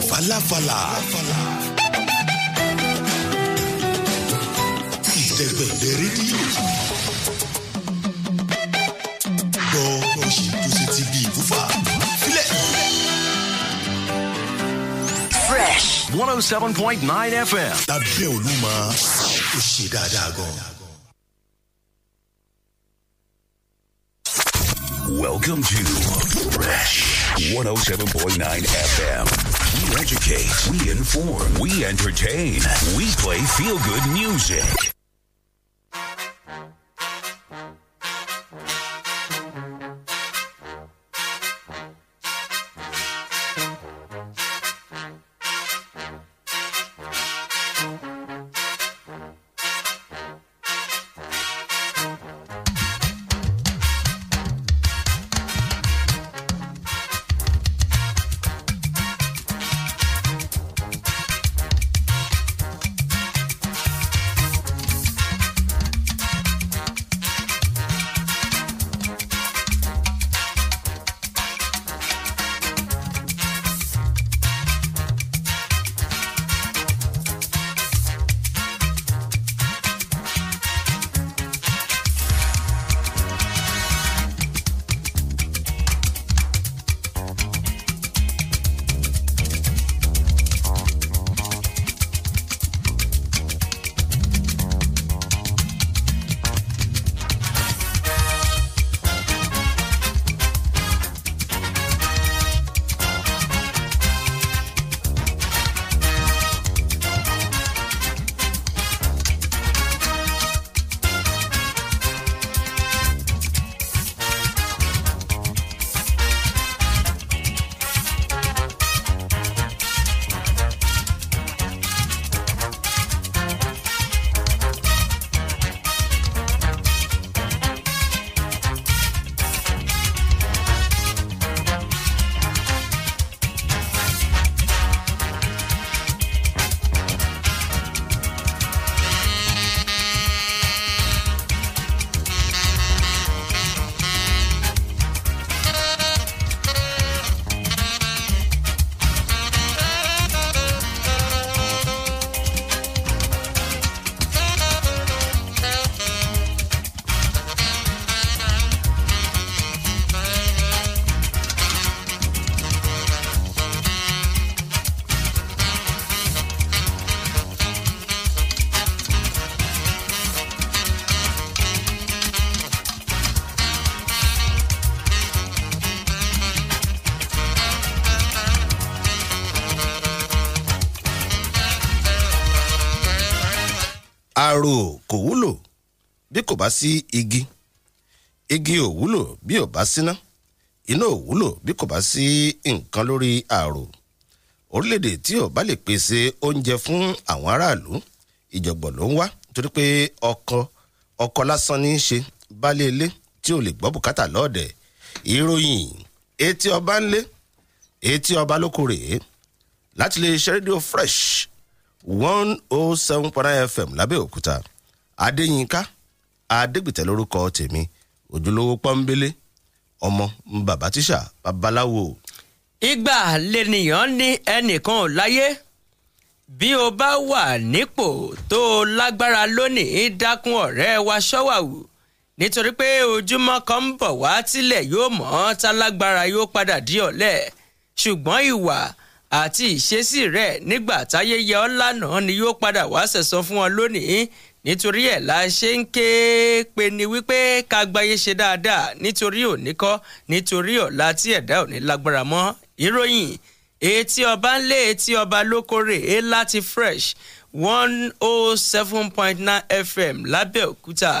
falafala fresh one oh seven point nine fm. Welcome to Fresh 107.9 FM. We educate. We inform. We entertain. We play feel good music. bá sí igi igi ò wúlò bí ò bá síná iná ò wúlò bí kò bá sí nǹkan lórí ààrò orílẹ̀-èdè tí ò bá lè pèsè oúnjẹ fún àwọn aráàlú ìjọ̀gbọ̀n ló ń wá torí pé ọkọ ọkọ lásán ní í ṣe baálé ilé tí ò lè gbọ́ bùkátà lọ́ọ̀dẹ̀ ìròyìn etí ọba ńlé etí ọba lóko rèé láti lè ṣe rédíò fresh one oh seven point nine fm lábẹ́òkúta adéyínká adégbìtẹ́ lórúkọ tèmi ojúlówó pọ́nbélé ọmọ bàbá tíṣà babaláwo. ìgbà lènìyàn ní ẹnìkan ò láyé bí o bá wà nípò tó o lágbára lónìí dákun ọ̀rẹ́ wa ṣọ́wàwù nítorí pé ojúmọ́ kan ń bọ̀ wá tílẹ̀ yóò mọ́ tálágbára yóò padà di ọ̀lẹ ṣùgbọ́n ìwà àti ìṣesí rẹ nígbà táyé yẹ ọ́ lánàá ni yóò padà wá sẹ̀sán fún ọ lónìí nítorí ẹ̀ la ṣe ń ké pe ni wípé ká gbáyé ṣe dáadáa nítorí òní kọ́ nítorí ọ̀la tí ẹ̀dá òní lágbára mọ́ ìròyìn etí ọba ń lé etí ọba lókòrè e láti fresh one oh seven point nine fm lábẹ́òkúta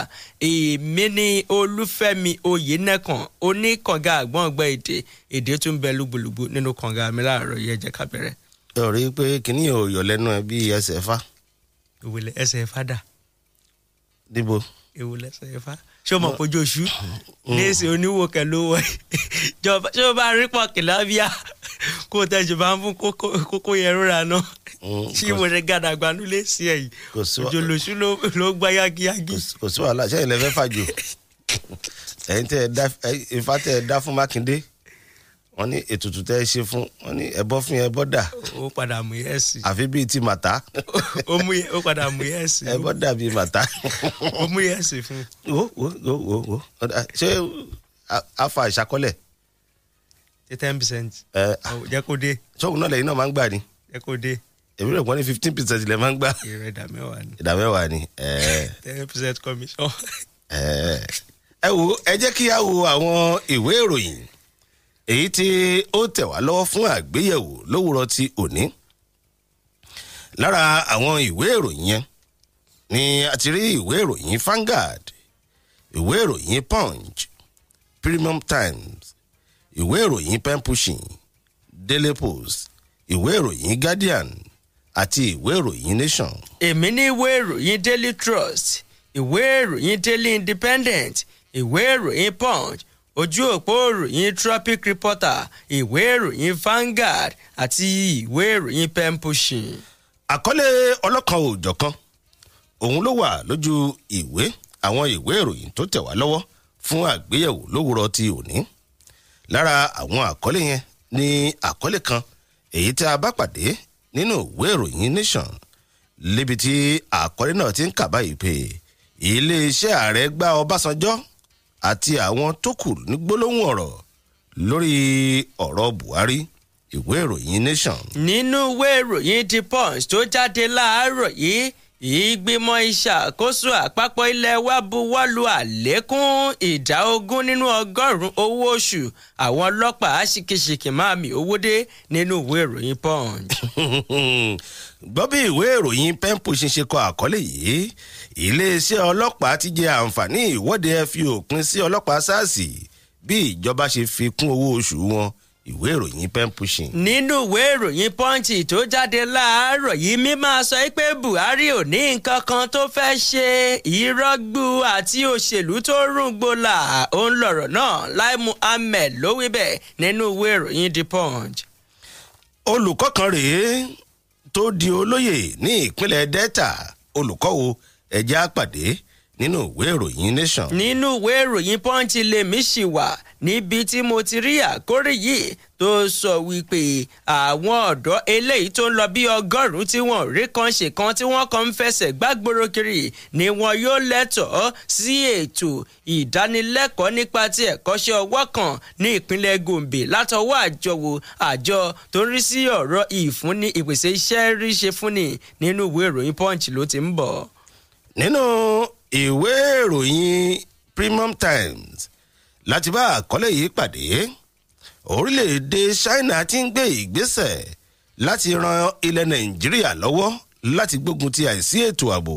èmi ní olúfẹ́mi oyinẹ̀kan oníkànga àgbọ̀ngbẹ̀ èdè èdè tó ń bẹ lúgbòlúgbò nínú kànga mi láàárọ̀ yẹn jẹ́ ká bẹ̀rẹ̀. ẹ ò rí i pé kínní ò yọ lẹ́nu ẹ bí ẹsẹ̀ fa. òwìlẹ̀ ẹsẹ̀ fa dà níbo. èwo lẹsẹ ifá ṣé o mọ̀ kojú oṣù léèsì mm. oníwò kẹló wọ jọba ṣé o bá rí pọ̀ kìlábíà kó o tẹ̀jú bá ń fún kókó yẹn rúra náà mm, ṣé ìwọ rẹ gàdàgbà ló léèsì ẹ̀ yìí òjò lóṣù ló gbá yágiyági. kò sí wàhálà ṣé ilẹ̀ fẹ́ fàjò ẹ̀yin tẹ́ ẹ dá fún Mákindé wọ́n ní ètùtù tẹ́ ẹ ṣe fún wọ́n ní ẹbọ fún yẹn ẹbọ dà. ó padà mú yẹ́sì. àfi bíi ti màtá. ó mú ó padà mú yẹ́sì. ẹbọ dà bíi màtá. ó mú yẹ́sì fún. wo wo wo wo wo ṣé a fa ìṣàkọlẹ̀. ṣe ten percent. ẹ jẹ́ kó dé. sọ́kùn náà lẹ́yìn náà máa ń gbà ni. jẹ́ kó dé. èmi rẹ̀ wọ́n ní fifteen percent lẹ́ máa ń gbà. ìrẹ̀ ìdá mẹ́wàá ni. ìdá mẹ́wàá ni. ten percent commission. ẹ wo ẹ jẹ́ kí a wo àwọn ìwé ìròyìn èyí tí ó tẹ̀ wá lọ́wọ́ fún àgbéyẹ̀wò lówùrọ̀ ti òní lára àwọn ìwé ìròyìn yẹn ni a ti rí ìwé ìròyìn Vanguard ìwé ìròyìn Punch Premium Times ìwé ìròyìn pen pushing Daily Post ìwé ìròyìn Guardian àti ìwé ìròyìn Nation. èmi ní ìwé ìròyìn Daily Trust ìwé ìròyìn Daily Independent ìwé ìròyìn Punch ojú òpó ìròyìn tropic reporter ìwé ìròyìn Vanguard àti ìwé ìròyìn pen pushing. àkọlé ọlọ́kan òòjọ̀kan òun ló wà lójú ìwé àwọn ìwé ìròyìn tó tẹ̀ wá lọ́wọ́ fún àgbéyẹ̀wò lówùrọ̀ ti òní lára àwọn àkọlé yẹn ní àkọlé kan èyí tí a bá pàdé nínú ìwé ìròyìn Nation níbi tí àkọlé náà ti ń kà báyìí pé iléeṣẹ́ ààrẹ gba Ọbásanjọ́ àti àwọn tó kù ní gbólóhùn ọ̀rọ̀ lórí ọ̀rọ̀ Buhari ìwé ìròyìn Nation. nínú ìwé ìròyìn The Punch tó jáde láàárọ̀ yìí ìgbìmọ̀ ìṣàkóso àpapọ̀ ilẹ̀ wa buwọ́ lu àlékún ìdá ogún nínú ọgọ́rùn-ún owó oṣù àwọn ọlọ́pàá ṣìkìṣìkì máa mi owó dé nínú ìwé ìròyìn Punch. gbọ́ bí ìwé ìròyìn Punch ṣe ṣe kọ àkọlé yìí iléeṣẹ́ ọlọ́pàá ti jẹ àǹfààní ìwọ́de fi òpin sí ọlọ́pàá sars bí ìjọba ṣe fi kún owó oṣù wọn ìwé ìròyìn pen pushing. nínú ìwé ìròyìn pọ́ǹchì tó jáde láàárọ̀ yìí mi sọ pé buhari ò ní nǹkan kan tó fẹ́ ṣe ìrọ́gbù àti òṣèlú tó rúgbó là òun lọ̀rọ̀ náà lai muhammed ló wí bẹ́ẹ̀ nínú ìwé ìròyìn the punch. olùkọ́ kan rèé tó di olóyè ní ìpínlẹ̀ delta olùkọ́ wo ẹjẹ́ àpàdé nínú ìwé ìròyìn nation. nínú ìwé ìròyìn punch lèmi ṣì wà níbi tí mo ti rí àkórí yìí tó sọ wípé àwọn ọ̀dọ́ eléyìí tó ń lọ bí ọgọ́rùn-ún tí wọ́n rí kan ṣe kan tí wọ́n kàn ń fẹsẹ̀ gbàgbóró kiri ni wọn yóò lẹ́tọ̀ọ́ sí ètò ìdánilẹ́kọ̀ọ́ nípa ti ẹ̀kọ́ṣẹ́ ọwọ́ kan ní ìpínlẹ̀ Gombe látọwọ́ àjọwò àjọ tó ń rí sí ọ̀rọ̀ ìfúnni ìpèsè iṣẹ́ ríṣe fúnni nínú ìwé ìròyìn punch ló ti ń bọ̀ nínú ìwé ìròyìn Premium Times láti bá àkọlé yìí pàdé orílẹ̀-èdè China ti ń gbé ìgbésẹ̀ láti ran ilẹ̀ Nàìjíríà lọ́wọ́ láti gbógun ti àìsí ètò ààbò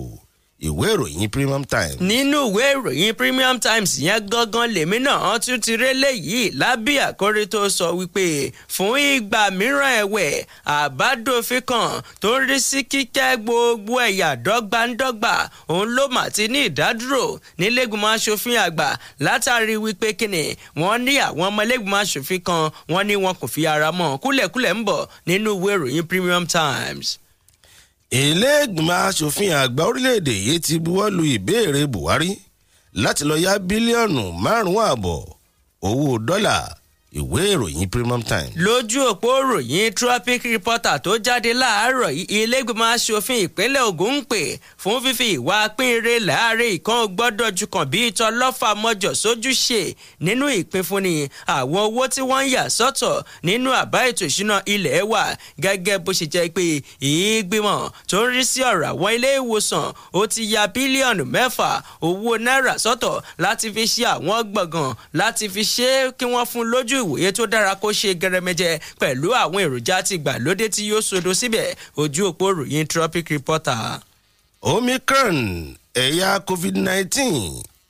ìwé ìròyìn Premium Times. nínú ìwé ìròyìn Premium Times yẹn gangan lèmi náà tún ti ré léyìí lábí àkórí tó sọ wípé fún ìgbà mìíràn ẹ̀wẹ̀ àbádòfin kan tó ń rí sí kíkẹ́ gbogbo ẹ̀yà dọ́gbandọ́gba òun ló mà ti ní ìdádúró nílẹ̀gbìmọ̀ asòfin àgbà látàrí wípé kíni wọ́n ní àwọn ọmọ ẹlẹ́gbìmọ̀ asòfin kan wọ́n ní wọn kò fi ara mọ́ kúlẹ̀kúlẹ̀ ń bọ̀ nínú ìwé ìròyìn Premium Times ilé ìgbìmọ̀ asòfin àgbà orílẹ̀-èdè yìí ti buwọ́ lu ìbéèrè Buhari láti lọ yá bílíọ̀nù márùn-ún ààbọ̀ owó dọ́là ìwé ìròyìn Premium Times. lójú òpó ròyìn traffic reporter tó jáde láàárọ̀ ilégbèmọ̀ asòfin ìpínlẹ̀ Ògùn ń pè fún fífi ìwà pínre láàrin ìkan gbọ́dọ̀ jukàn bí itọ́ lọ́fà mọ́jọ̀ sójúṣe nínú ìpínfúnni àwọn owó tí wọ́n ń yà sọ́tọ̀ nínú àbá ètò ìṣúná ilẹ̀ wa gẹ́gẹ́ bó ṣe jẹ́ pé ìgbìmọ̀ tó ń rí sí ọ̀rọ̀ àwọn ilé ìwòsàn ó ti ya bílíọ̀nù mẹ́fà owó náírà sọ́tọ̀ láti fi ṣe àwọn gbọ̀ngàn láti fi ṣe kí wọ́n fún lójú ìwòye tó dára kó ṣe gẹrẹmẹjẹ pẹ̀lú àwọn èròjà ti gbàlódé tí yóò sodo síbẹ̀ ojú òpó ròyìn tropic reporter. omicron ẹ̀yà covid-19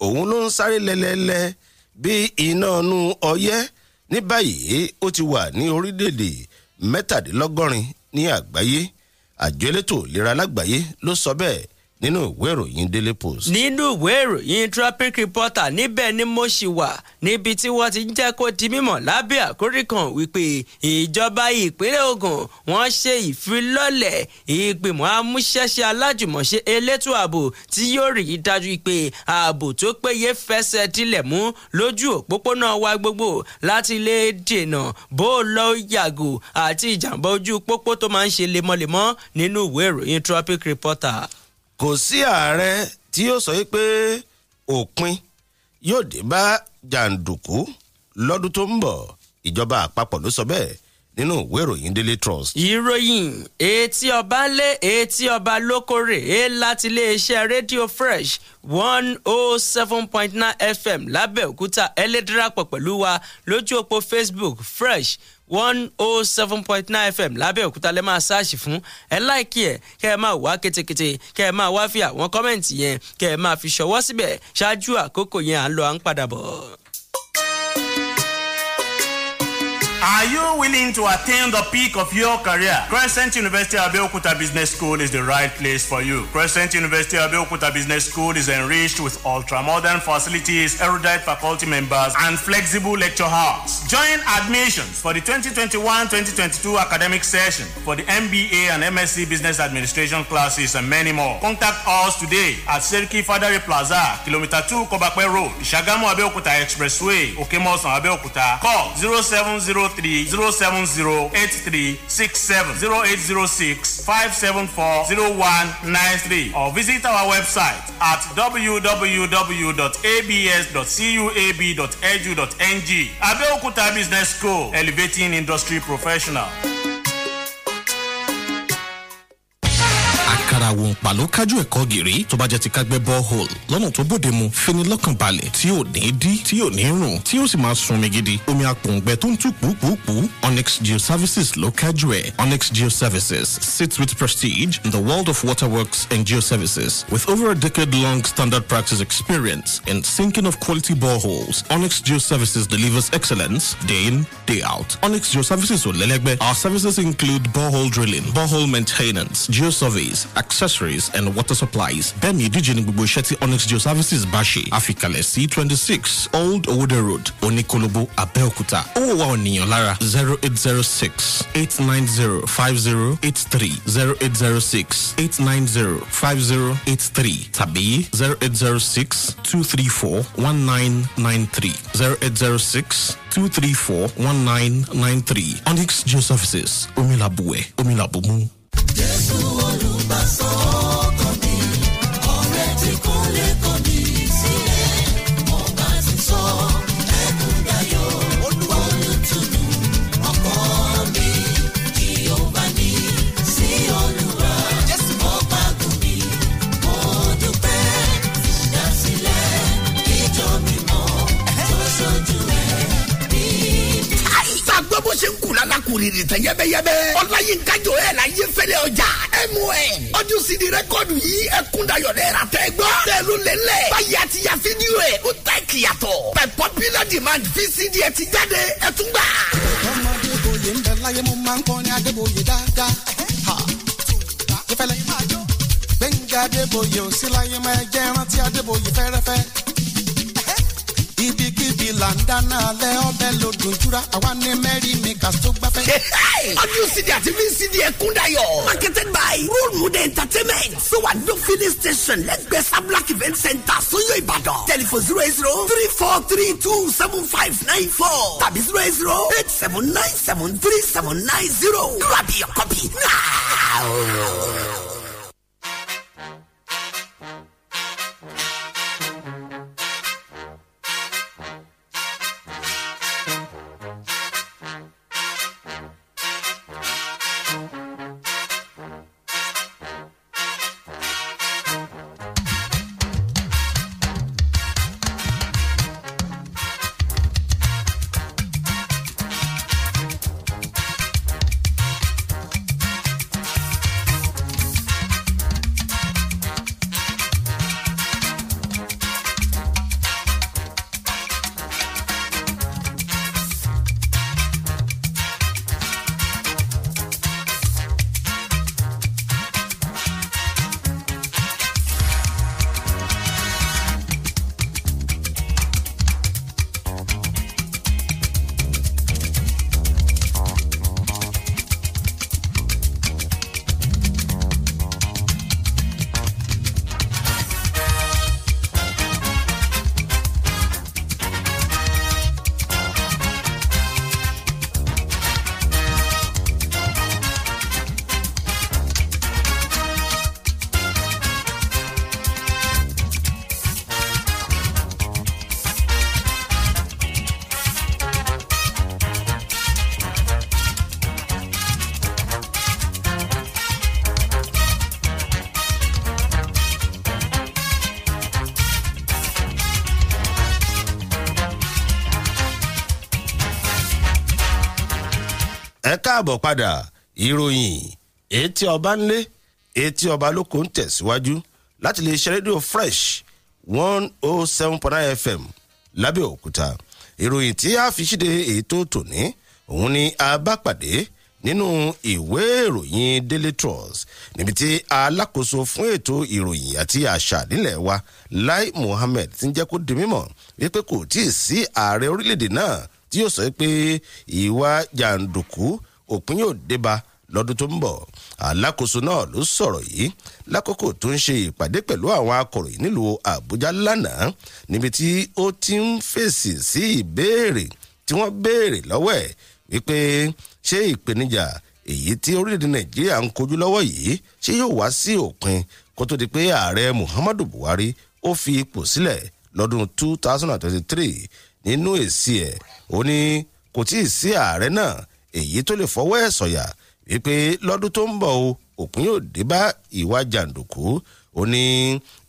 òun ló ń sáré lẹ́lẹ́lẹ́ bí iná ọ̀nù ọyẹ́ ní báyìí ó ti wà ní orílẹ̀-èdè mẹ́tàdínlọ́gọ́rin ní àgbáyé àjọ elétò ìlera lágbàáyé ló sọ bẹ́ẹ̀ nínú ìwé ìròyìn daily post. nínú ìwé ìròyìn traffic reporter níbẹ̀ ni mo ṣì wà níbi tí wọ́n ti ń jẹ́ kó di mímọ̀ lábẹ́ àkórí kan wípé ìjọba ìpínlẹ̀ Ògùn wọ́n ṣe ìfilọ́lẹ̀ ìgbìmọ̀ amúṣẹ́ṣe alájùmọ̀ṣe elétò ààbò tí yóò rí i dájú pé ààbò tó péye fẹsẹ̀ tilẹ̀ mú lójú òpópónà wa gbogbo láti lè dènà bó lọ yàgò àti ìjàmbá ojú pópó tó máa ń ṣe lemọ́lemọ́ nínú ìwé ìròyìn reporter kò sí ààrẹ tí yóò sọ pé òpin yóò dé bá jàǹdùkú lọ́dún tó ń bọ̀ ìjọba àpapọ̀ ló sọ bẹ́ẹ̀ nínú ìwé ìròyìn Daily Trust. ìròyìn etí ọba lé etí ọba lókòrè e láti iléeṣẹ́ rédíò Fresh one oh seven point nine FM lábẹ́òkúta ẹ lè dárapọ̀ pẹ̀lú wa lójú òpó Facebook Fresh one oh seven point nine fm lábẹ́òkúta lẹ́ máa ṣáàṣì fún ẹ láìkí ẹ̀ kẹ́ ẹ máa wá ketekete kẹ́ ẹ máa wá fi àwọn kọ́mẹ̀ntì yẹn kẹ́ ẹ máa fi ṣọwọ́ síbẹ̀ ṣáájú àkókò yẹn à ń lọ à ń padà bọ̀. Are you willing to attain the peak of your career? Crescent University Abeokuta Business School is the right place for you. Crescent University Abeokuta Business School is enriched with ultra-modern facilities, erudite faculty members, and flexible lecture halls. Join admissions for the 2021-2022 academic session for the MBA and MSc Business Administration classes and many more. Contact us today at Seriki Fadari Plaza, Kilometer 2 Kobakwe Road, Shagamu Abeokuta Expressway, Okemosan Abeokuta. Call 070 three zero seven zero eight three six seven zero eight zero six five seven four zero one nine three or visit our website at www.abs.cuab.edu.ng Abeokuta Business School Elevating Industry Professional. ara wọn pàló kájú ẹ̀kọ́ gèrè tó bá jẹ́ ti kágbẹ́ lọ́nà tó bóde mu fini lọ́kàn balẹ̀ tí ò ní dí tí ò ní rùn tí ó sì máa sunmi gidi omi apòǹgbẹ tó ń tú pùpùpù Onyx Geoservices ló kájú ẹ̀ Onyx Geoservices sits with prestige in the world of waterworks and geoservices with over a decade long standard practice experience in sinking of quality boreholes Onyx Geoservices delivers excellence day in day out Onyx Geoservices ò lẹ́lẹ́gbẹ́ our services include borehole drilling borehole maintenance surveys, access accessories, and water supplies. Bemi Dijin Bubusheti Onyx Geo Services Bashi, Afikale C26, Old Oda Road, Onikolobo, Abeokuta. Owa Oniolara 0806 890 5083 0806 890 5083 Tabi 0806 234 1993 0806 234 1993 Onyx Geo Services Omilabue jésù olùbásọ. wuriri tẹ yẹbẹyẹbẹ. ọláyínká jọ ẹ la yé fẹlẹ ọjà mon. ọdún sí di rẹkọdù yìí ẹkúndayọ̀ lẹ ra tẹ gbọ́. tẹlu lẹlẹ báyìí àti ya o tẹ kìyàtọ̀. by popular demand vcd ẹ ti jáde ẹ tún gbà. ọmọdé oyè ń bẹ láyé mo máa ń kọrin adébóyè dáadáa. ìfẹ̀lẹ̀ yìí máa jó. gbẹ̀ngà adébóyè ò sí láyé máa jẹ́ rántí adébóyè fẹ́rẹ́fẹ́ ibikíbi là ń dáná alẹ́ ọbẹ̀ lodò jura àwa ní mẹ́rin mi kà tó gbafẹ́. ọdún cd àti vcd ẹkún dayọ̀. marketed by rule mude entertainment sowando filling station lẹ́gbẹ̀ẹ́ sablak event center soyo ìbàdàn telephone zero eight zero three four three two seven five nine four tàbí zero eight zero eight seven nine seven three seven nine zero grab your copy now. káàbọ̀ padà ìròyìn etí ọba ńlé etí ọba lóko ń tẹ̀síwájú láti lè ṣe rédíò fresh one oh seven point nine fm lábẹ́òkúta ìròyìn tí a fi ṣíde ètò tòní òun ni a bá pàdé nínú ìwé ìròyìn daily trust níbi tí alákòóso fún ètò ìròyìn àti àṣà nílẹ̀ wa lai mohammed ti ń jẹ́ kó di mímọ̀ wípé kò tíì sí ààrẹ orílẹ̀-èdè náà tí yóò sọ pé ìwà jàǹdùkú òpin yóò débá lọ́dún tó ń bọ̀ alákòóso náà ló sọ̀rọ̀ yìí lákòókò tó ń ṣe ìpàdé pẹ̀lú àwọn akọ̀ròyìn nílùú àbújá lánàá níbi tí ó ti ń fèsì sí ìbéèrè tí wọ́n béèrè lọ́wọ́ ẹ̀ wípé ṣé ìpèníjà èyí tí orílẹ̀-èdè nàìjíríà ń kojú lọ́wọ́ yìí ṣé yóò wá sí òpin kó tó di pé ààrẹ muhammadu buhari ó fi ipò sílẹ̀ lọ́dún 2023 nínú èsì ẹ̀ ó ní kò tíì sí ààrẹ náà èyí tó lè fọwọ́ ẹ̀ sọ̀yà wípé lọ́dún tó ń bọ̀ o òpin yóò dé bá ìwà jàǹdùkú ó ní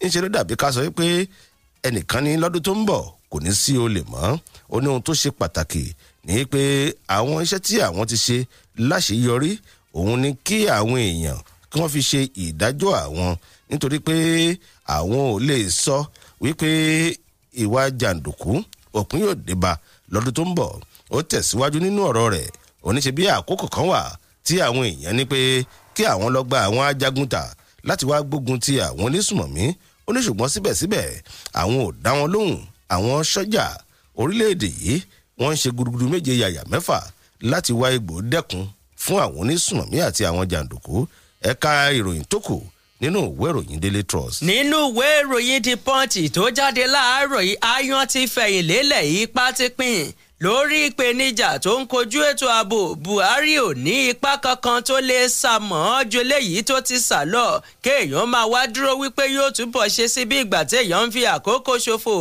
ńṣe ló dàbí ká sọ wípé ẹnìkan ní lọ́dún tó ń bọ̀ kò ní sí olè mọ́ ó ní ohun tó ṣe pàtàkì ní pé àwọn iṣẹ́ tí àwọn ti ṣe láṣeyọrí òun ni kí àwọn èèyàn kí wọ́n fi ṣe ìdájọ́ àwọn nítorí pé àwọn ò lè sọ wípé ìwà jàǹdùkú òpin yóò dé bá lọ́dún tó ń bọ̀ ó tẹ̀síwájú nínú ọ̀rọ̀ rẹ̀ oníṣebí àkókò kan wà tí àwọn èèyàn ní pé kí àwọn lọ gba àwọn ajagunta láti wá gbógun ti àwọn onísùmọ̀mí ó ní ṣùgbọ́n síbẹ̀síbẹ̀ àwọn ò dá wọn lóhùn àwọn sọ́jà orílẹ̀-èdè yìí wọ́n ń ṣe gudugudu méje yàyà mẹ́fà láti wá egbò dẹ́kun fún àwọn onísùmọ̀mí àti àwọn jàǹdùkú ẹ̀ka ìròyìn tó kù nínú ìwé ìròyìn Daily Trust. nínú ìwé ìròyìn The Punch tó jáde láàárọ̀ yìí ayan ti fẹ̀yìn lélẹ̀ yìí pátípìn lórí ìpèníjà tó ń kojú ètò ààbò Buhari ò ní ipa kankan tó lè sá mọ́ ọ́ ju eléyìí tó ti sà lọ kéèyàn máa wá dúró wípé yóò túbọ̀ ṣe sí bí ìgbà téèyàn ń fi àkókò ṣòfò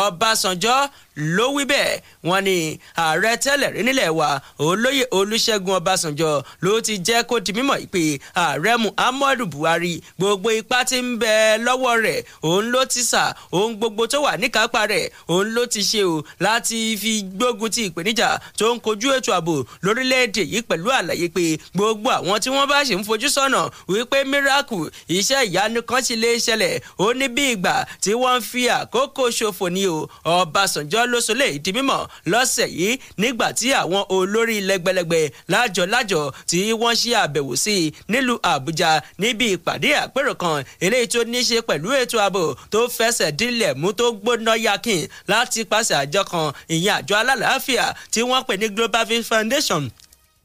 Ọbásanjọ́ ló wí bẹ́ẹ̀ wọ́n ní ààrẹ tẹ́lẹ̀ rí nílẹ̀ wa olóyè olúṣẹ́gun ọbásanjọ́ ló ti jẹ́ kó di mímọ̀ pé ààrẹ muhammadu buhari gbogbo ipá tí ń bẹ lọ́wọ́ rẹ̀ òun ló ti sà òun gbogbo tó wà níkápá rẹ̀ òun ló ti ṣe o láti fi gbógun ti ìpèníjà tó ń kojú ètò ààbò lórílẹ̀‐èdè yìí pẹ̀lú àlàyé pé gbogbo àwọn tí wọ́n bá ṣe ń fojú sọ́nà wípé miracle iṣẹ́ ìyanu kan ti lè ṣẹlẹ̀ ó ní bí ìgbà tí wọ́n fi àkókò ṣòfò ni o ọbásanjọ́ ló sọ lè di mímọ̀ lọ́sẹ̀ yìí nígbà tí àwọn olórí lẹ́gbẹ̀lẹ́gbẹ̀ lájọ̀lájọ̀ tí wọ́n ṣe àbẹ̀wò sí i nílùú àbújá níbi ìpàdé àpérò kan eléyìí tó ní ṣe pẹ̀lú ètò ààbò tó fẹsẹ̀ dílẹ̀ mú tó gbóná yakin láti pàṣẹ àjọ kan ìyẹn àjọ alálàáfíà tí wọ́n pè ní Global Foundation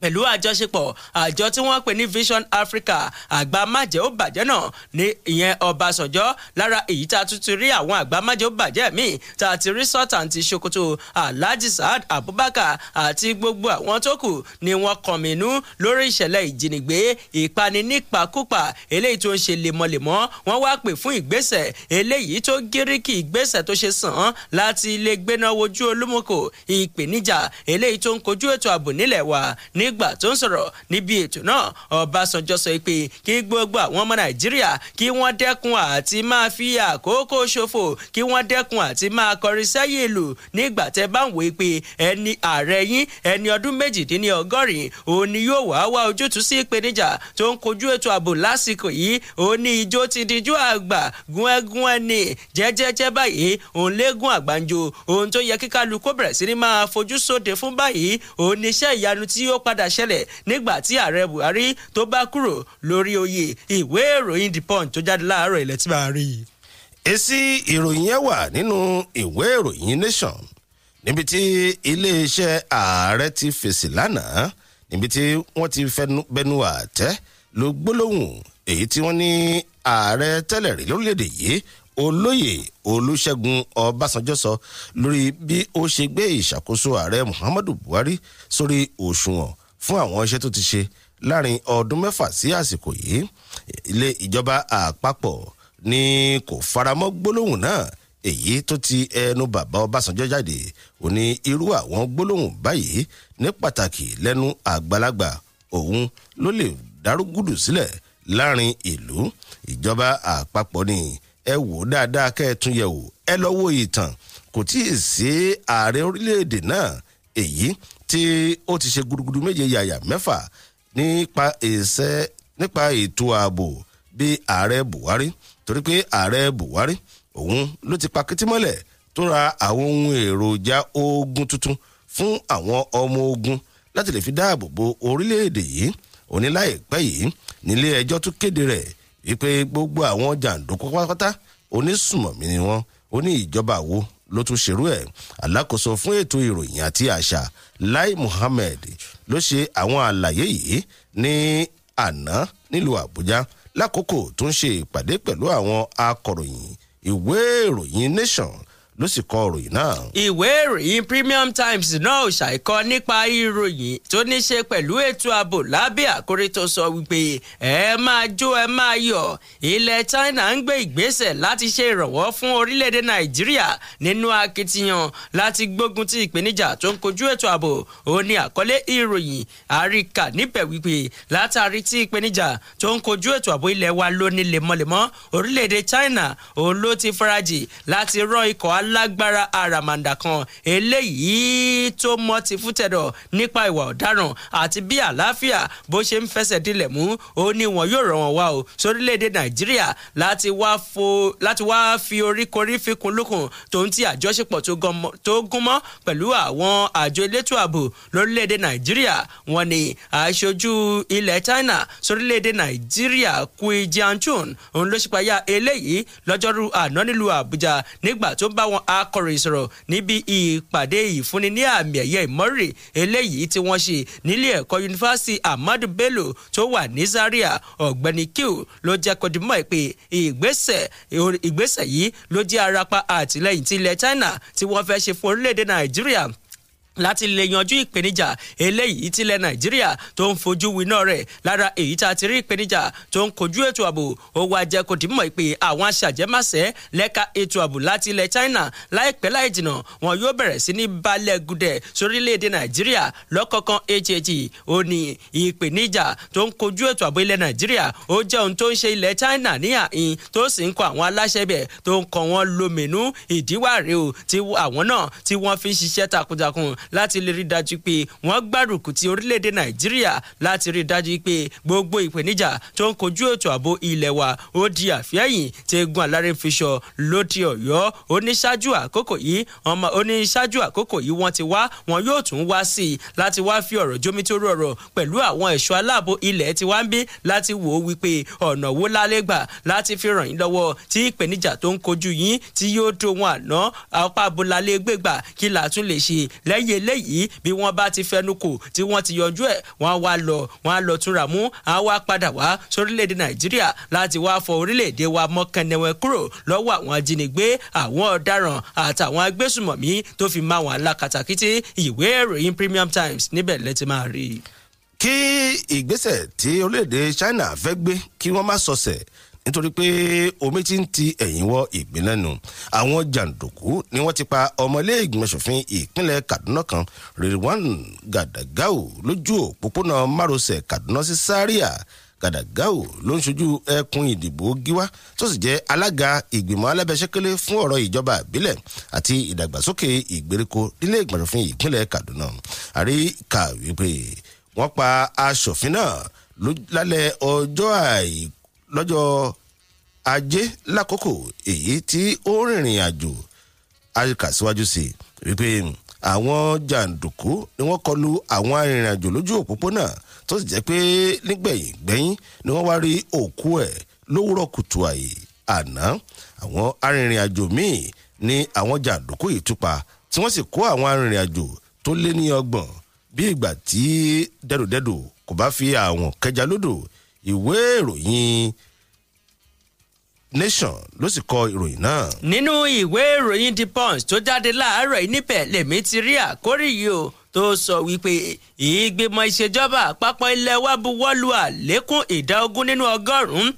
pẹ̀lú àjọṣepọ̀ àjọ tí wọ́n pè ní Vision Africa àgbà májẹ̀ ó bàjẹ́ náà ní ìyẹn Ọbásanjọ́ lára èyí tá a tún ti rí àwọn àgbà májẹ̀ ó bàjẹ́ míì tá a ti rí Sultan ti Sokoto Alhaji Saad Abubakar àti gbogbo àwọn tó kù ni wọ́n kọ̀mínú lórí ìṣẹ̀lẹ̀ ìjínigbé ìpani nípakúpa eléyìí tó ń ṣe lemọ́lemọ́ wọ́n wá pè fún ìgbésẹ̀ eléyìí tó gíríkì ìgbésẹ̀ tó ṣe sàn án láti ilé gbéná wojú olúmọ̀kò nígbà tó ń sọ̀rọ̀ níbi ètò náà Ọbásanjọ́ sọ pé kí gbogbo àwọn ọmọ Nàìjíríà kí wọ́n dẹ́kun àti máa fi àkókò ṣòfò kí wọ́n dẹ́kun àti máa kọrin sẹ́yìn ìlú nígbà tẹ́ bá ń wòye pé ẹni ààrẹ yín ẹni ọdún méjìdínlọ́gọ́rin òun ni yóò wá wá ojútùú sí ìpèníjà tó ń kojú ètò ààbò lásìkò yìí òun ni ijó ti dijú àgbà gun ẹgun ẹni jẹ́jẹ́jẹ́ báyìí òun léegun àgbàǹjo ohun tó yẹ kíkálukú bẹ̀rẹ̀ sí ni máa fojú sóde fún báyìí òun ni iṣẹ́ ìyanu tí ó padà padà ṣẹlẹ̀ nígbà tí ààrẹ Buhari tó bá kúrò lórí oyè ìwé ìròyìn The Punch tó jáde láàárọ̀ ilẹ̀ tí màá rí i. èsì ìròyìn yẹn wà nínú ìwé ìròyìn Nation níbi tí iléeṣẹ́ ààrẹ ti fèsì lánàá níbi tí wọ́n ti bẹnu àtẹ́ ló gbólóhùn èyí tí wọ́n ní ààrẹ tẹ́lẹ̀ rí lórílẹ̀‐èdè yìí olóyè olúṣẹ́gun ọbásanjọ́ sọ lórí bí ó ṣe gbé ìṣàkóso ààrẹ muhammadu buhari sórí òṣùwọ̀n fún àwọn iṣẹ́ tó ti ṣe láàrin ọdún mẹ́fà sí àsìkò yìí ilé ìjọba àpapọ̀ ni kò faramọ́ gbólóhùn náà èyí tó ti ẹnu bàbá Ọbásanjọ́ jáde ò ní irú àwọn gbólóhùn báyìí ní pàtàkì lẹ́nu àgbàlagbà òun ló lè dárúgùdù sílẹ̀ láàrin ìlú ìjọba àpapọ̀ ni ẹ wò dáadáa kẹ́ ẹ tún yẹ̀ wò ẹ lọ wo ìtàn kò tí sí ààrẹ orílẹ̀-èdè náà èyí tí ó ti ṣe gudugudu méje yàyà mẹ́fà nípa ìṣe nípa ètò ààbò bí ààrẹ buhari torí pé ààrẹ buhari òun ló ti pa kìtìmọ́lẹ̀ tó ra àwọn ohun èròjà ogun tuntun fún àwọn ọmọ ogun láti lè fi dáàbò bo orílẹ̀-èdè yìí òní láìpẹ́ yìí nílé ẹjọ́ tún kéde rẹ̀ wípé gbogbo àwọn jàǹdùkú pátápátá onísùmọ̀mí ni wọ́n oní ìjọba wo ló tún ṣerú ẹ̀ alákòóso fún ètò ìròyìn àti àṣà lai muhammed ló ṣe àwọn àlàyé yìí ní àná nílùú àbújá lákòókò tó ń ṣe ìpàdé pẹ̀lú àwọn akọ̀ròyìn ìwé ìròyìn nation ló sì kọ ìròyìn náà. ìwé ìròyìn Premium Times náà ṣàìkọ nípa ìròyìn tó ní ṣe pẹ̀lú ètò ààbò lábẹ́ àkórí tó sọ wípé ẹ máa jó ẹ máa yọ̀ ilẹ̀ China ń gbé ìgbésẹ̀ láti ṣe ìrànwọ́ fún orílẹ̀-èdè Nàìjíríà nínú akitiyan láti gbógun ti ìpèníjà tó ń kojú ètò ààbò ó ní àkọlé ìròyìn àríkà níbẹ̀ wípé látàrí tí ìpèníjà tó ń kojú ètò ààbò ilẹ̀ wa lóní lemọ́lemọ́ China òun ló ti farajì láti rán ikọ̀ alágbára àràmàǹdà kan eléyìí tó mọ́ ti fútẹ̀dọ̀ nípa ìwà ọ̀daràn àti bí àlàáfíà bó ṣe ń fẹsẹ̀ dilẹ̀ mú ó ní wọn yóò ràn wọ́n wá o sórílẹ̀‐èdè nàìjíríà láti wá fi oríkorí fikùn lukùn tòun ti àjọṣepọ̀ tó gún mọ́ pẹ̀lú àwọn àjọ elétò ààbò lórílẹ̀‐èdè nàìjíríà wọn ni aṣojú ilẹ̀ china sórílẹ̀‐èdè nàìjíríà Kwi Jianchun òun ló ṣípayá eléyìí lọ́jọ́rú àná nílùú àbújá nígbà tó ń bá w àwọn akọ̀ròyìn sọ̀rọ̀ níbi ìpàdé ìfúnni ní àmì ẹ̀yẹ ìmọ́rì eléyìí tí wọ́n ṣe nílé ẹ̀kọ́ yunifásitì ahmadu bello tó wà ní zaria ọ̀gbẹ́ni q ló jẹ́ kó di mọ̀ pé ìgbésẹ̀ yìí ló jẹ́ arapa àtìlẹ́yìn ti ilẹ̀ china tí wọ́n fẹ́ ṣe fún orílẹ̀-èdè nàìjíríà láti lè yanjú ìpèníjà eléyìí tilẹ̀ nàìjíríà tó ń fojú winá rẹ̀ lára èyí tá a ti rí ìpèníjà tó ń kojú ètò ààbò ó wá jẹ́ kó dìímọ̀ pé àwọn aṣàjẹmásẹ́ lẹ́ka ètò ààbò láti ilẹ̀ china láìpẹ́ láì jìnà wọn yóò bẹ̀rẹ̀ sí ní balẹ̀ gudẹ̀ sórílẹ̀-èdè nàìjíríà lọ́kọ̀ọ̀kan èjèèjì ó ní ìpèníjà tó ń kojú ètò ààbò ilẹ̀ nàìjíríà ó jẹ́ ohun tó ń china ní àhín tó sì ń kọ àwọn aláṣẹ bẹ̀ tó ń kọ wọn lóminú ìdíwàrè o láti lè rí dájú pé wọ́n gbárùkù ti orílẹ̀-èdè nàìjíríà láti rí dájú pé gbogbo ìpèníjà tó ń kojú ètò ààbò ilẹ̀ wa ó di àfẹ́yìn tẹ́gun aláré fi sọ lóde ọ̀yọ́ oníṣáájú àkókò yìí ọmọ oníṣáájú àkókò yìí wọ́n ti wá wọn yóò tún wá sí i láti wá fi ọ̀rọ̀ jómitóró ọ̀rọ̀ pẹ̀lú àwọn ẹ̀ṣọ́ aláàbò ilẹ̀ ti wá ń bí láti wò ó wípé ọ̀nà wo lálẹ́gbà láti fi ràn yín lọ́wọ́ tí ìpèníjà tó ń kojú yín tí yóò dó wọn àná apá abúlálé kí eléyìí bí wọ́n bá ti fẹnu kò tí wọ́n ti yọjú ẹ̀ wọ́n wá lọ wọ́n á lọ túnra mú á wá padà wá sórílẹ̀‐èdè nàìjíríà láti wá fọ orílẹ̀‐èdè wa mọ́kànnẹ́wẹ́ kúrò lọ́wọ́ àwọn ajínigbé àwọn ọ̀daràn àtàwọn agbésùmọ̀mí tó fi máa wọn alákatakítí ìwé ìròyìn premium times níbẹ̀ lẹ́tí máa rí i. kí ìgbésẹ̀ tí orílẹ̀-èdè china fẹ́ gbé kí wọ́n má sọsẹ̀ so nítorí pé omi ti ń ti ẹ̀yìn wọ ìgbìnlẹ̀ nù àwọn jàǹdùkú ni wọ́n ti pa ọmọléègbìmọ̀ ṣòfin ìpínlẹ̀ Kaduna kan Rilwan Gàdàgáò lójú òpópónà márosẹ̀ Kaduna sí Zaria Gàdàgáò ló ń ṣojú ẹkùn ìdìbò Gíwá tó sì jẹ́ alága ìgbìmọ̀ alábẹ́sẹ́kẹ́lé fún ọ̀rọ̀ ìjọba àbílẹ̀ àti ìdàgbàsókè ìgbèríko nílé ìgbìmọ̀ ṣòfin ìpínlẹ̀ Kaduna àrí kàwé pé wọ́n lọ́jọ́ ajé lákòókò èyí tí ó rìnrìn àjò àkàsíwájú sí wípé àwọn jàǹdùkú ni wọ́n kọlu àwọn arìnrìnàjò lójú òpópónà tó sì jẹ́ pé nígbẹ̀yìn gbẹ́yìn ni wọ́n wá rí òkú ẹ̀ lówùrọ̀ kùtù àyè àná àwọn arìnrìnàjò míì ni àwọn jàǹdùkú yìí tún pa tí wọ́n sì kó àwọn arìnrìnàjò tó lé ní ọgbọ̀n bí ìgbà tí dẹ́dùdẹ́dù kò bá fi àwọn kẹjà lódò ìwé ìròyìn nation ló sì kọ ìròyìn náà. nínú ìwé ìròyìn the punch tó jáde láàárọ̀ yìí níbẹ̀ lèmi ti rí àkórí yìí o tó sọ wípé ìgbìmọ̀ ìṣèjọba àpapọ̀ ilẹ̀ wa buwọ́lu àlékún ìdá ogún nínú ọgọ́rùn-ún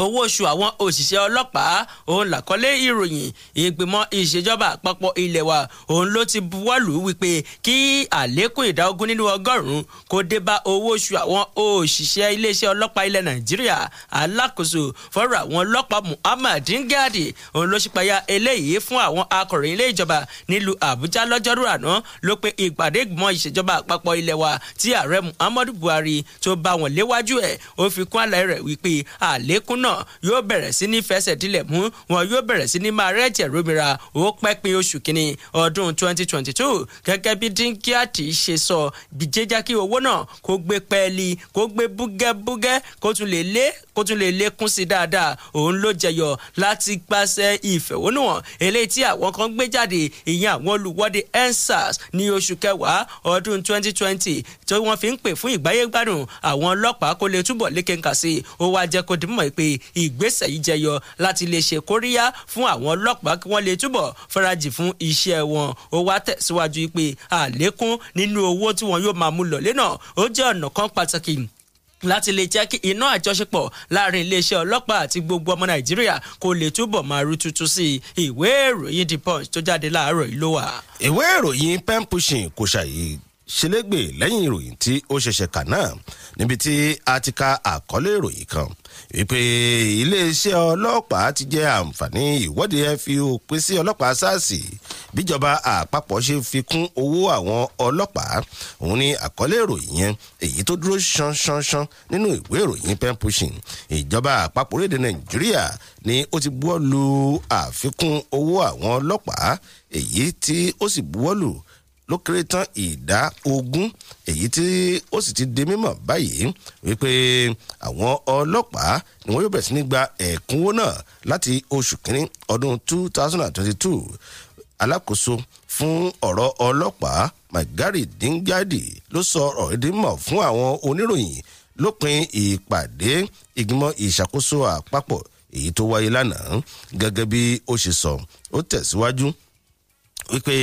owó oṣù àwọn òṣìṣẹ́ ọlọ́pàá òun làkọ́lé ìròyìn ìgbìmọ̀ ìṣèjọba àpapọ̀ ilé wa òun ló ti buwọ́lù wípé kí àlékún ìdá ogún nínú ọgọ́rùn-ún kó dé bá owó oṣù àwọn òṣìṣẹ́ iléeṣẹ́ ọlọ́pàá ilẹ̀ nàìjíríà alákòóso fọ́rọ̀ àwọn ọlọ́pàá muhammad ngadi òun ló ṣípayá eléyìí fún àwọn akọ̀ròyìn ilé ìjọba nílùú àbújá lọ́jọ́rú àná ló pe ìpàdé ìgbìmọ̀ ìṣèjọba àpapọ̀ ilé wa tí ààrẹ muhammadu náà yóò bẹ̀rẹ̀ sí ní fẹsẹ̀ dílẹ̀ mú wọn yóò bẹ̀rẹ̀ sí ní máa rẹ́jẹ̀ rómìnira ó pẹ́pin oṣù kínní ọdún 2022 gẹ́gẹ́ bí díngíàtì ṣe sọ jíjẹ́já kí owó náà kó gbé pẹ́ẹ́lí kó gbé búgẹ́búgẹ́ kó tún lè lé kó tún lè lékún sí dáadáa òun ló jẹyọ láti gbàṣẹ ìfẹ̀hónúhàn eléyìí tí àwọn kan gbé jáde ìyẹn àwọn olùwọ́de endsars ní oṣù kẹwàá ọdún 2020 tí wọ́n fi ń pè fún ìgbáyégbádùn àwọn ọlọ́pàá kó lè túbọ̀ lékenka sí i ó wá jẹ́ kó dìmọ̀ pé ìgbésẹ̀ yìí jẹyọ láti lè ṣe kóríyá fún àwọn ọlọ́pàá kí wọ́n lè túbọ̀ farajì fún iṣẹ́ wọn ó wá tẹ̀síwájú pé àlékún nínú owó tí wọn yóò máa mú lọlé náà ó jẹ́ ọ̀nà kan pàtàkì láti lè jẹ́ kí iná àjọṣepọ̀ láàrin iléeṣẹ́ ọlọ́pàá àti gbogbo ọmọ nàìjíríà kó lè túbọ̀ máa rú tuntun sí i ìwé ìròyìn the punch tó jáde láàárọ̀ yìí ló wà. ìwé ìròyìn pen pushing kò ṣàyè ṣelégbè lẹ́yìn ìròyìn tí ó ṣẹ̀ṣẹ̀ kà náà níbi tí a ti ka àkọlé ìròyìn kan wípé iléeṣẹ́ ọlọ́pàá ti jẹ́ àǹfààní ìwọ́de ẹ fi òpin sí ọlọ́pàá sars bíjọba àpapọ̀ ṣe fi kún owó àwọn ọlọ́pàá òun ni àkọlé ìròyìn yẹn èyí tó dúró ṣanṣanṣan nínú ìwé ìròyìn pen pushing ìjọba àpapọ̀ orílẹ̀-èdè nàìjíríà ni ó ti buwọ́ àfikún owó àwọn ọlọ́pàá èyí tí ó sì buwọ́ ló kéré tán ìdá ogún èyí tí ó sì ti di mímọ̀ báyìí wípé àwọn ọlọ́pàá ni wọ́n yóò bẹ̀rẹ̀ sí ní gba ẹ̀kúnwó náà láti oṣù kínní ọdún two thousand and twenty-two alákòóso fún ọ̀rọ̀ ọlọ́pàá magari dingadi ló sọ ọ̀rọ̀ ìdímọ̀ fún àwọn oníròyìn lópin ìpàdé ìgbìmọ̀ ìṣàkóso àpapọ̀ èyí tó wáyé lánàá gẹ́gẹ́ bí ó ṣe sọ ó tẹ̀síwájú wípé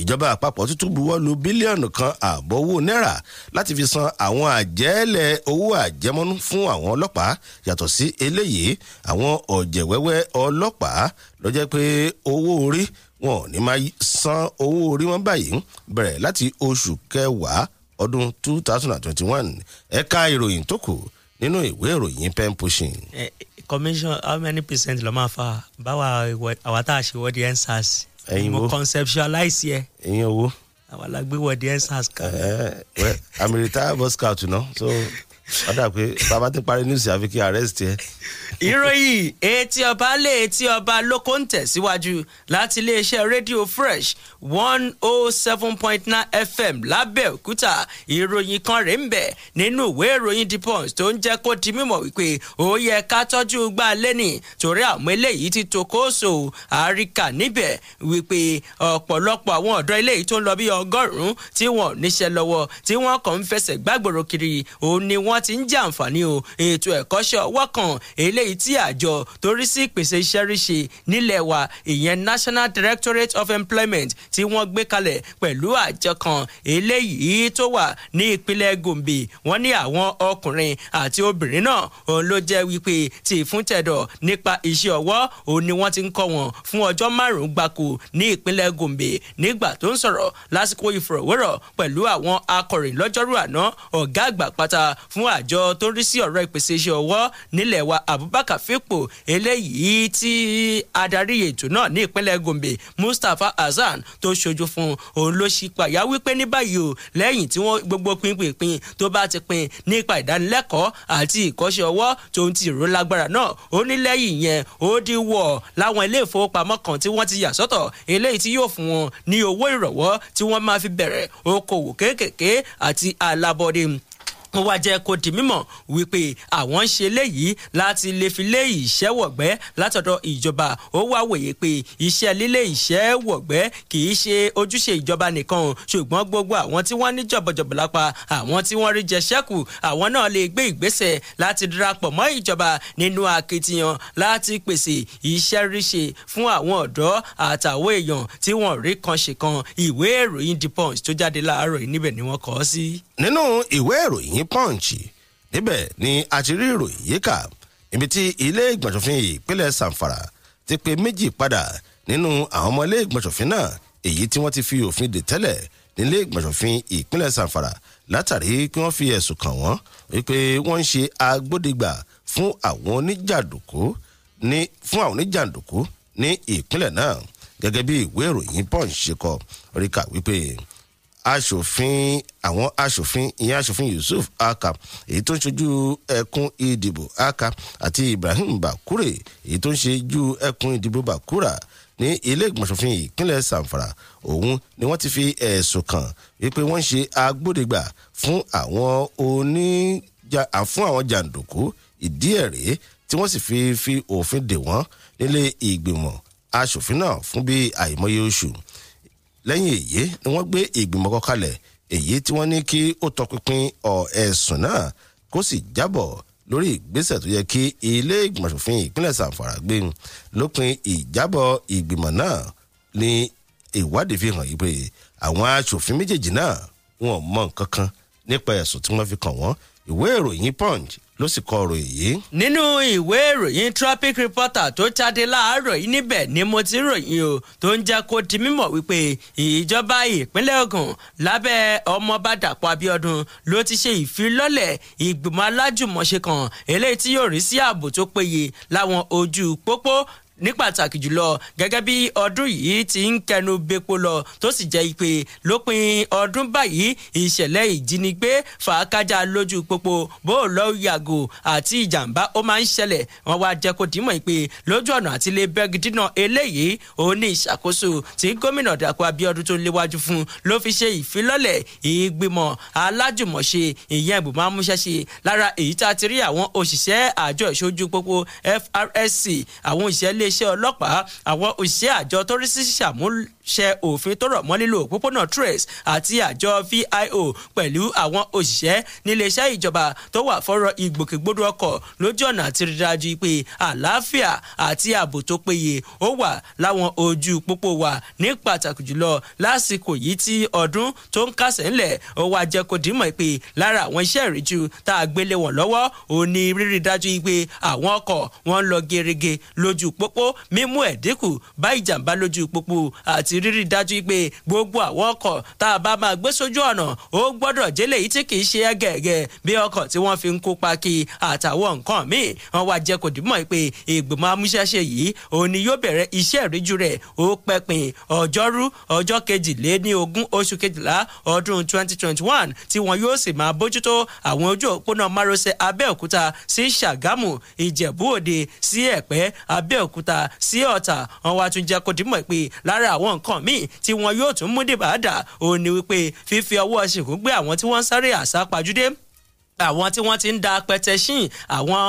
ìjọba àpapọ̀ tuntun buwọ́ lu bílíọ̀nù kan ààbọ̀ owó náírà láti fi san àwọn àjẹ́lẹ̀ owó àjẹmọ́nú fún àwọn ọlọ́pàá yàtọ̀ sí eléyìí àwọn ọ̀jẹ̀wẹ́wẹ́ ọlọ́pàá ló jẹ́ pé owó orí wọn ò ní máa san owó orí wọn báyìí bẹ̀rẹ̀ láti oṣù kẹwàá ọdún two thousand and twenty one ẹ̀ka ìròyìn tó kù nínú ìwé ìròyìn pen pushing. Eh, commission how many percent ló máa fa báwa àwa tá a ṣe wọ́ọ̀dì ensars ẹ̀yin wo mo conceptualize yẹ. ẹ̀yin wo. àwọn alágbèwọ̀de ẹ̀ sars ẹ ẹ well i'm a retired boy scout you know so padà pé bàbá ti parí news àfi kí arrest ẹ. ìròyìn etí ọba lé etí ọba lóko ń tẹ̀síwájú láti iléeṣẹ́ rédíò fresh one oh seven point nine fm lábẹ́òkúta ìròyìn kan rèé ń bẹ̀ nínú ìwé ìròyìn the punch tó ń jẹ́ kó di mímọ̀ wípé ó yẹ ká tọ́jú gbà lẹ́nì torí àwọn eléyìí ti tokóso àríkà níbẹ̀ wípé ọ̀pọ̀lọpọ̀ àwọn ọ̀dọ́ eléyìí tó ń lọ bí ọgọ́rùn-ún tí wọ́n níṣẹ́ lọ́wọ́ tí wọ́n kàn ń fẹsẹ̀ gbàgbòrò kiri òun ni wọ́n ti ń jẹ àǹfààní o ètò ẹ̀kọ́ṣẹ́ ọwọ́ kan eléyìí tí àjọ tó sí ìpèsè iṣẹ́ ríṣe nílẹ̀ wa ìyẹn National Directorate of Employment tí wọ́n gbé kalẹ̀ pẹ̀lú àjọ kan eléyìí tó wà ní ìpínlẹ̀ Gombe wọ́n ní àwọn ọkùnrin àti obìnrin náà òun ló jẹ́ wípé tí ìfúntẹ̀dọ̀ nípa iṣẹ́ ọwọ́ òun ni wọ́n ti ń kọ́ wọn fún ọjọ́ márùn-ún gbáko ní ìpínlẹ̀ Gombe nígbà tó ń sọ̀rọ̀ lásìkò ìfọ̀rọ̀wérọ̀ pẹ̀lú àwọn akọ̀ròyìn lọ́jọ́rú àná ọ̀gá àgbà pátá fún àjọ tó ń rí sí ọ̀rọ̀ ìpèsè iṣẹ́ ọwọ́ nílẹ̀ wa Abubakar Fikpo eléyìí tí adarí ètò náà ní ìpínlẹ̀ Gombe Mustapha Hasan tó ṣojú fún òun ló ṣí payá wípé ní báyìí o lẹ́yìn tí wọ́n gbogbo pínpín tó bá ti pín nípa ìdánilẹ́kọ̀ọ́ àti ìkọ́ṣẹ́ ọwọ́ tó ń ti ìró lágbára náà ó ní lẹ́yìn yẹn ó di wọ̀ láwọn ilé ìfowópamọ́ kan tí wọ́n ti yà sọ́tọ̀ eléyìí tí yóò fún wọn ní owó ìrọ̀wọ́ tí wọ́n máa fi bẹ̀rẹ̀ okòwò kéékèèké àti alábọ́dé ó wá jẹ́ kó di mímọ̀ wípé àwọn ń ṣe léyìí láti lè fi lé ìṣẹ́ wọ̀gbẹ́ látọ̀dọ̀ ìjọba ó wá wòye pé iṣẹ́ lílé ìṣẹ́ wọ̀gbẹ́ kì í ṣe ojúṣe ìjọba nìkan ṣùgbọ́n gbogbo àwọn tí wọ́n ní jọ̀bọ̀jọ̀bọ̀ lápá àwọn tí wọ́n rí jẹ ṣẹ́kù àwọn náà lè gbé ìgbésẹ̀ láti darapọ̀ mọ́ ìjọba nínú akitiyan láti pèsè iṣẹ́ ríṣe fún àwọn ọ̀dọ́ àtàwọn èèyàn tí wọ́n ìròyìn punch níbẹ̀ ni a ti rí ìròyìn yìí kà ibi tí ilé ìgbọ̀nsọ̀fin ìpínlẹ̀ sanfara ti pe méjì padà nínú àwọn ọmọ ilé ìgbọ̀nsọ̀fin náà èyí tí wọ́n ti fi òfin dè tẹ́lẹ̀ nílé ìgbọ̀nsọ̀fin ìpínlẹ̀ sanfara látàrí kí wọ́n fi ẹ̀sùn kàn wọ́n wípé wọ́n ń ṣe agbódegbà fún àwọn oníjàǹdùkú ní fún àwọn oníjàǹdùkú ní ìpínlẹ̀ náà gẹ́gẹ́ bí ìwé ìròyìn punch ṣe kọ ríkà wípé aṣòfin àwọn aṣòfin ìyẹn aṣòfin yusuf aka èyí tó ń ṣojú ẹkùn ìdìbò aka àti ibrahim bakure èyí tó ń ṣojú ẹkùn ìdìbò bakura ní ilé ìgbọ̀nsọ̀fin ìpínlẹ̀ sanfara òun ni wọ́n ti fi ẹ̀sùn kàn wípé wọ́n ń ṣe agbódegbà fún àwọn oníjà fún àwọn jàǹdùkú ìdí ẹ̀ rèé tí wọ́n sì fi fi òfin dè wọ́n nílé ìgbìmọ̀ aṣòfin náà fún bíi àìmọye oṣù lẹ́yìn èyí ni wọ́n gbé ìgbìmọ̀ kan kalẹ̀ èyí tí wọ́n ní kí ó tọpinpin ẹ̀sùn náà kó sì jábọ̀ lórí ìgbésẹ̀ tó yẹ kí ilé ìgbìmọ̀ asòfin ìpínlẹ̀ sàǹfàrà gbé lópin ìjábọ̀ ìgbìmọ̀ náà ni ìwádìí fi hàn yí pé àwọn aṣòfin méjèèjì náà wọn mọ nǹkan kan nípa ẹ̀sùn tí wọ́n fi kàn wọ́n ìwé ìròyìn punch ló sì kọ ròyìn yìí. nínú ìwé ìròyìn traffic reporter tó jáde láàárọ̀ yìí níbẹ̀ ni mo ti ròyìn o tó ń jẹ́ kó di mímọ̀ wípé ìjọba ìpínlẹ̀ Ògùn lábẹ́ ọmọọba Dàpọ̀ Abíọ́dún ló ti ṣe ìfilọ́lẹ̀ ìgbìmọ̀ alájùmọ̀ṣe kan eléyìí tí yóò rí sí ààbò tó péye láwọn ojú pópó ní pàtàkì jùlọ gẹ́gẹ́ bí ọdún yìí ti ń kẹnu bepo lọ tó sì jẹ́ ipe lópin ọdún báyìí ìṣẹ̀lẹ̀ ìjínigbé fàákájà lójú pópó bó lọ yàgò àti ìjàmbá ó máa ń ṣẹlẹ̀ wọ́n wá jẹ́ kó dìímọ̀ pé lójú ọ̀nà àti ilé bẹ́ẹ̀gì dínà eléyìí òun ní ìṣàkóso tí gómìnà Dàpọ̀ Abíọ́dún tó léwájú fún ló fi ṣe ìfilọ́lẹ̀ ìgbìmọ̀ alájùmọ̀ṣe ìyẹn ìbùmọ̀ FRSC àwọn òṣìṣẹ́ iléeṣẹ́ ọlọ́pàá àwọn òṣìṣẹ́ àjọ tó rí sí ṣàmúlò ṣe òfin tó rọ̀ mọ́ lílo òpópónà trace àti àjọ vio pẹ̀lú àwọn òṣìṣẹ́ níléeṣẹ́ ìjọba tó wà fọ́rọ̀ ìgbòkègbodò ọkọ̀ lójú ọ̀nà àti rí dájú pé àlàáfíà àti ààbò tó péye ó wà láwọn ojú pópó wa ní pàtàkì jùlọ lásìkò yìí tí ọdún tó ń kásẹ̀ ńlẹ̀ ó wá jẹ́ kó dìímọ̀ pé lára àwọn iṣẹ́ ìríjú tá a gbélé wọn lọ́wọ́ ò ní rírí dájú pé àwọn ọkọ̀ wọn ń lọ gerege lójú pópó mímú ẹ̀dínkù bá ìjàmbá lójú pópó àti láti rírí dájú pé gbogbo àwọn ọkọ̀ tá a bá máa gbé sójú ọ̀nà ó gbọ́dọ̀ jẹ́lẹ̀ yìí tí kì í ṣe ẹgẹ̀ẹ̀gẹ̀ bí ọkọ̀ tí wọ́n fi ń kópa kí àtàwọn nǹkan míì wọ́n wá jẹ́ kó dìmọ̀ pé ìgbìmọ̀ amúṣẹ́ṣe yìí òun ni yóò bẹ̀rẹ̀ iṣẹ́ ìríjú rẹ̀ ó pẹ́pin ọjọ́rú ọjọ́ kejìléníogún oṣù kejìlá ọdún 2021 tí wọn yóò sì máa bójútó àwọn ojú òpónà márosẹ̀ abẹ́òkúta sí ṣàgámù ìjẹ̀bú-òde sí ẹ̀pẹ́ abẹ́òkúta sí ọ̀tà wọn wá àwọn nǹkan míì tí wọn yóò tún mú dìbàdà òun ni wípé fífi ọwọ́ ṣìnkún gbé àwọn tí wọ́n ń sáré àsápajúdé àwọn tí wọ́n ti ń da pẹtẹṣin àwọn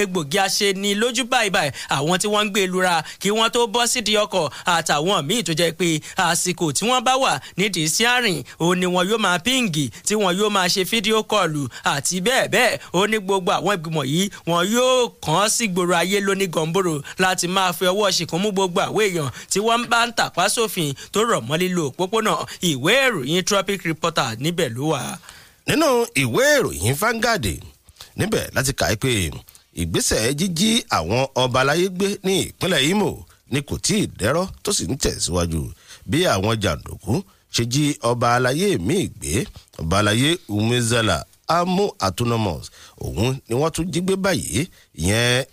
egbògi aṣeni lójú báibáì àwọn tí wọ́n ń gbé e lura kí wọ́n tó bọ́ sídìí ọkọ̀ àtàwọn míì tó jẹ́ pé àsìkò tí wọ́n bá wà nídìí sí àrìn òun ni wọn yóò máa píǹgì tí wọn yóò máa ṣe fídíò kọlù àti bẹ́ẹ̀ bẹ́ẹ̀ ó ní gbogbo àwọn ìgbìmọ̀ yìí wọn yóò kàn án sí gbòòrò ayé lóní gọ̀ǹbòrò láti máa fi ọwọ́ ṣìkún mú gbogbo àwọn èèyàn tí wọ́n bá ń tàpá sófin tó rọ̀ mọ́ lílo òpópónà ìwé ìròyìn Tropic Reporter níbẹ̀ ló wà nínú ìwé ìròyìn Vanguard níbẹ̀ láti kà á pé ìgbésẹ̀ jíjí àwọn ọba aláyé gbé ní ìpínlẹ̀ Imo ni kò tí ì dẹ́rọ́ tó sì ń tẹ̀síwájú bí àwọn jàǹdùkú ṣe jí ọba aláyé míì gbé ọba aláyé Umezala Amo Autonomous òun ni wọ́n tún jí gbé báyìí ìyẹn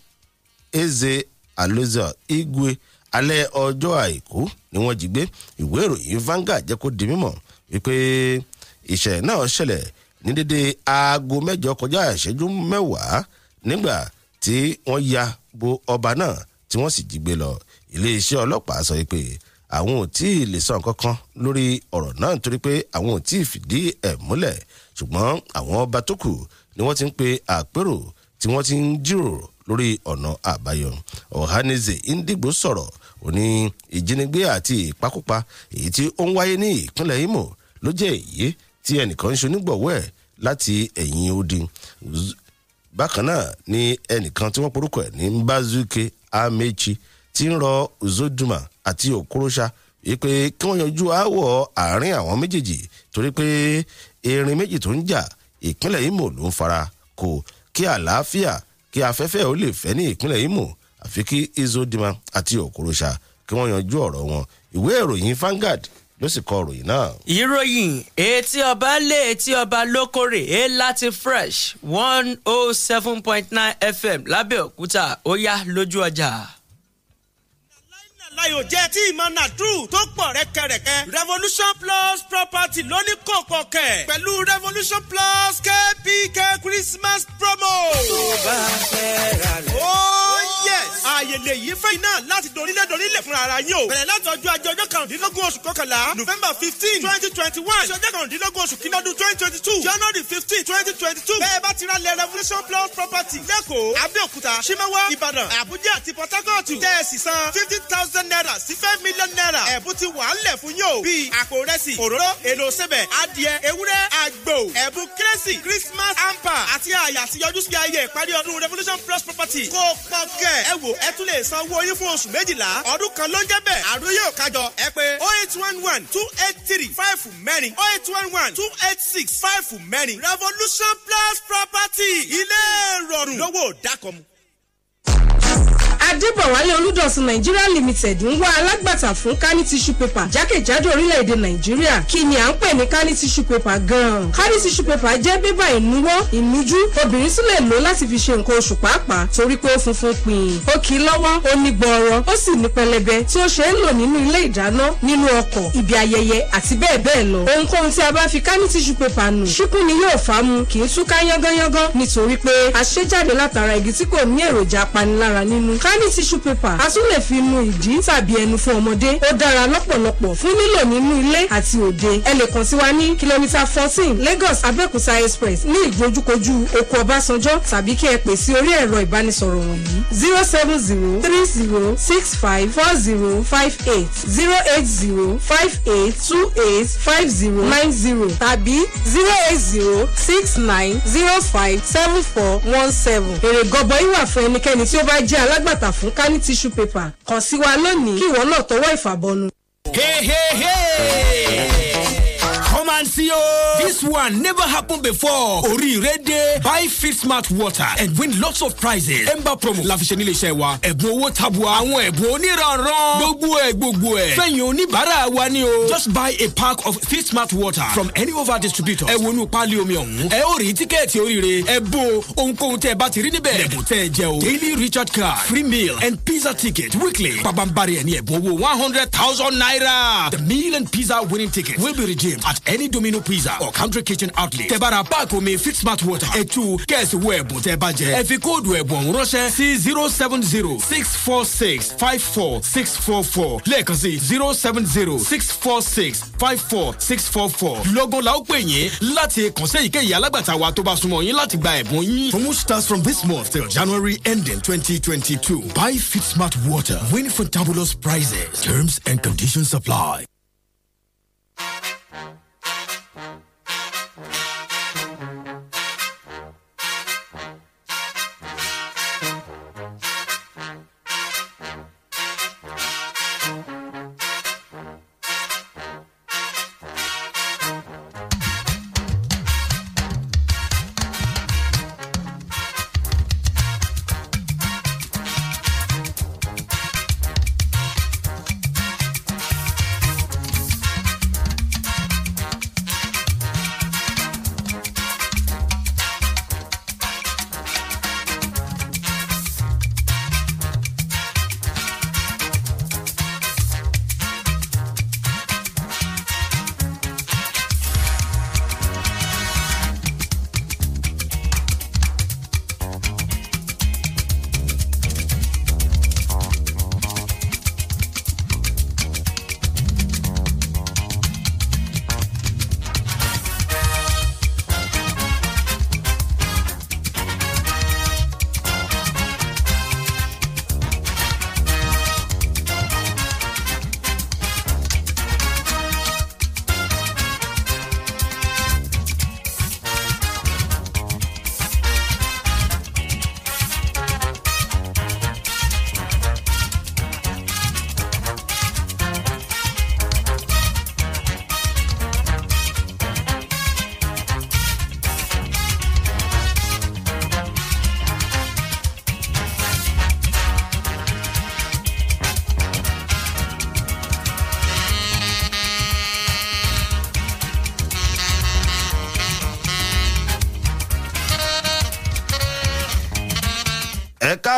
Eze Aloza Igwe alẹ́ ọjọ́ àìkú ni wọ́n jí gbé ìwé ìròyìn Vanguard jẹ́ kó di mímọ̀ wípé ìṣẹ̀lẹ̀ náà ṣẹlẹ̀ ní dédé aago mẹ́jọ kọjá ìṣẹ́jú mẹ́wàá nígbà tí wọ́n ya bo ọba náà tí wọ́n sì jí gbé lọ iléeṣẹ́ ọlọ́pàá sọ pé àwọn ò tí ì lè sọ nǹkan kan lórí ọ̀rọ̀ náà nítorí pé àwọn ò tí ì fìdí ẹ̀ múlẹ̀ ṣùgbọ́n àwọn ọba tó kù ni wọ́n ti ń pe àpérò tí wọ́n ti ń jíròrò lórí ọ̀nà àbáyọ ọ̀hánẹ́sẹ̀ Ndigbo sọ̀rọ̀ ó ní ìjínigbé àti ìpakúpa èyí tí ó ń wáyé ní ìpínlẹ̀ Imo ló jẹ́ èyí tí ẹnìkan ń ṣe onígbọ̀wọ́ ẹ̀ láti ẹ̀yìn odi bákan náà ni ẹnìkan tí wọ́n porúkọ ẹ̀ ní mbazuke amechi ti ń rọ uzoduma àti okorosa wípé kí wọ́n yanjú aáwọ̀ àárín àwọn méjèèjì torí pé erin méjì tó ń jà ìpínlẹ̀ imo ló ń fara kò kí àlàáfíà kí afẹ́fẹ́ ò lè fẹ́ ní ìpínlẹ̀ imo àfi kí izodima àti okorosa kí wọ́n yanjú ọ̀rọ̀ wọn ìwé ìròyìn Vanguard ló sì kọ ròyìn náà. ìròyìn etí ọba lé etí ọba lókòrè e láti fresh one oh seven point nine fm lábẹ́òkúta ó yá lójú ọjà láyò jẹ́ tí ìmọ̀ nàdúrù tó pọ̀ rẹ́kẹrẹ́kẹ́ revolution plus property lóní kòkò kẹ̀ pẹ̀lú revolution plus kpk christmas promo. tó bá fẹ́ ra rẹ̀. ó oh, yes. ààyè lè yí fẹ́yìn náà láti dorílẹ̀ dorílẹ̀ fúnra ara yín o. bẹ̀rẹ̀ láti ọjọ́ ajé ọjọ́ karùndínlógún oṣù kọkànlá november fifteen twenty twenty one ṣọjọ́ karùndínlógún oṣù kìnnàdún twenty twenty two january fifteen twenty twenty two. bẹ́ẹ̀ bá ti ra lẹ revolution plus property lẹ́kọ̀ọ́ abẹ́òkúta ṣímẹ́wá ìbàdàn àbújá àti port harcourt. tẹ́ẹ̀sì san fifty thousand thousand naira sí five million naira ẹ̀bùn ti wà á lẹ̀ fún yóò bíi àpò rẹsì òróró èlò sẹ́bẹ̀ adìẹ ewúrẹ́ àgbò ẹ̀bùn kérésì christmas hamper àti àyà àti yọjú sí ayé ìparí ọdún revolution plus property kó pọ̀ kẹ́ ẹ wò ẹ tún lè san owó yín fún oṣù méjìlá ọdún kan ló ń jẹ́ bẹ́ẹ̀ àdúró yóò kájọ ẹ pé oh eight one one two eight three five mẹ́rin oh eight one one two eight six five mẹ́rin revolution plus property ilé ìrọ̀rùn lówó dákọ̀mù adébọ̀wálé olùdọ̀sùn nàìjíríà limited ń wá alágbàtà fún kani tissue paper jákèjádò orílẹ̀-èdè nàìjíríà kí ni à ń pè ní kani tissue paper gan-an kani tissue paper jẹ́ bébà ìnuwọ́ ìnujú obìnrin sì lè lò láti fi ṣe nǹkan oṣù pàápàá torí pé ó funfun pin ó kì í lọ́wọ́ ó ní gbọ́ọ̀rọ̀ ó sì ní pẹlẹbẹ tí ó ṣe é lò nínú ilé ìdáná nínú ọkọ̀ ibi ayẹyẹ àti bẹ́ẹ̀ bẹ́ẹ̀ lọ ohunkóhun tí a bá fi kani tissue paper nù ṣíkún ni yóò fà á mu kì í túká yángányángán nítorí pé àṣejáde látara igi tí kò ní èròjà apanilára nínú ní tissue paper a tún lè fi nu ìdí tàbí ẹnu fún ọmọdé ó dára lọ́pọ̀lọpọ̀ fún lílò nínú ilé àti òde ẹ lè kàn sí wa ní kìlómítà fourteen Lagos Abẹ́òkúta express ní ìdojúkojú oko Ọbásanjọ́ tàbí kí ẹ pè sí orí ẹ̀rọ ìbánisọ̀rọ̀ wọ̀nyí zero seven zero three zero six five four zero five eight zero eight zero five eight two eight five zero nine zero tàbí zero eight zero six nine zero five seven four one seven èrè gọbọ yìí wà fún ẹnikẹ́ni tí ó bá jẹ́ alágbàtà fún kání tissue paper kàn sí wa lónìí kí ìwọ náà tọwọ́ ìfàbọnu. hey hey hey fancy oh! This one never happened before. Ori dé buy fit smart water and win lots of prizes. Ember promo la fi le shewa. iṣẹ́ wa. Ẹ̀bùn owó tabua àwọn ran. oníranran. Gbogbo ẹ̀ gbogbo ẹ̀. ni bara wa ni o. Just buy a pack of fit smart water from any of our distributors. Ẹ wo inú páálí omi ọ̀hún. Ẹ ó rí tíkẹ́ẹ̀tì oríire. Ẹ bó ohunkóhun tẹ́ ti rí níbẹ̀. Ẹ̀bùn tẹ́ ẹ o. Daily Richard card, free meal and pizza ticket weekly. Babambari ẹ̀ ní ẹ̀bùn owó one naira. The meal and pizza winning ticket will be redeemed at any domino pizza or country kitchen outlet tẹ́ bá me fit smart water A two kẹ́ẹ̀sì wo ẹ̀bùn tẹ́ budget. jẹ ẹ fi kóòdù ẹ̀bùn ọ̀hún ránṣẹ́ sí zero seven zero six C four six four four lẹ́ẹ̀kan sí zero seven zero six four six five four six four four lọ́gán la ó pè láti kànṣẹ́ ìkéyìí alágbàtà wa tó bá súnmọ́ láti gba ẹ̀bùn starts from this month till January ending twenty twenty two buy fit smart water win fantabulous prizes terms and conditions apply.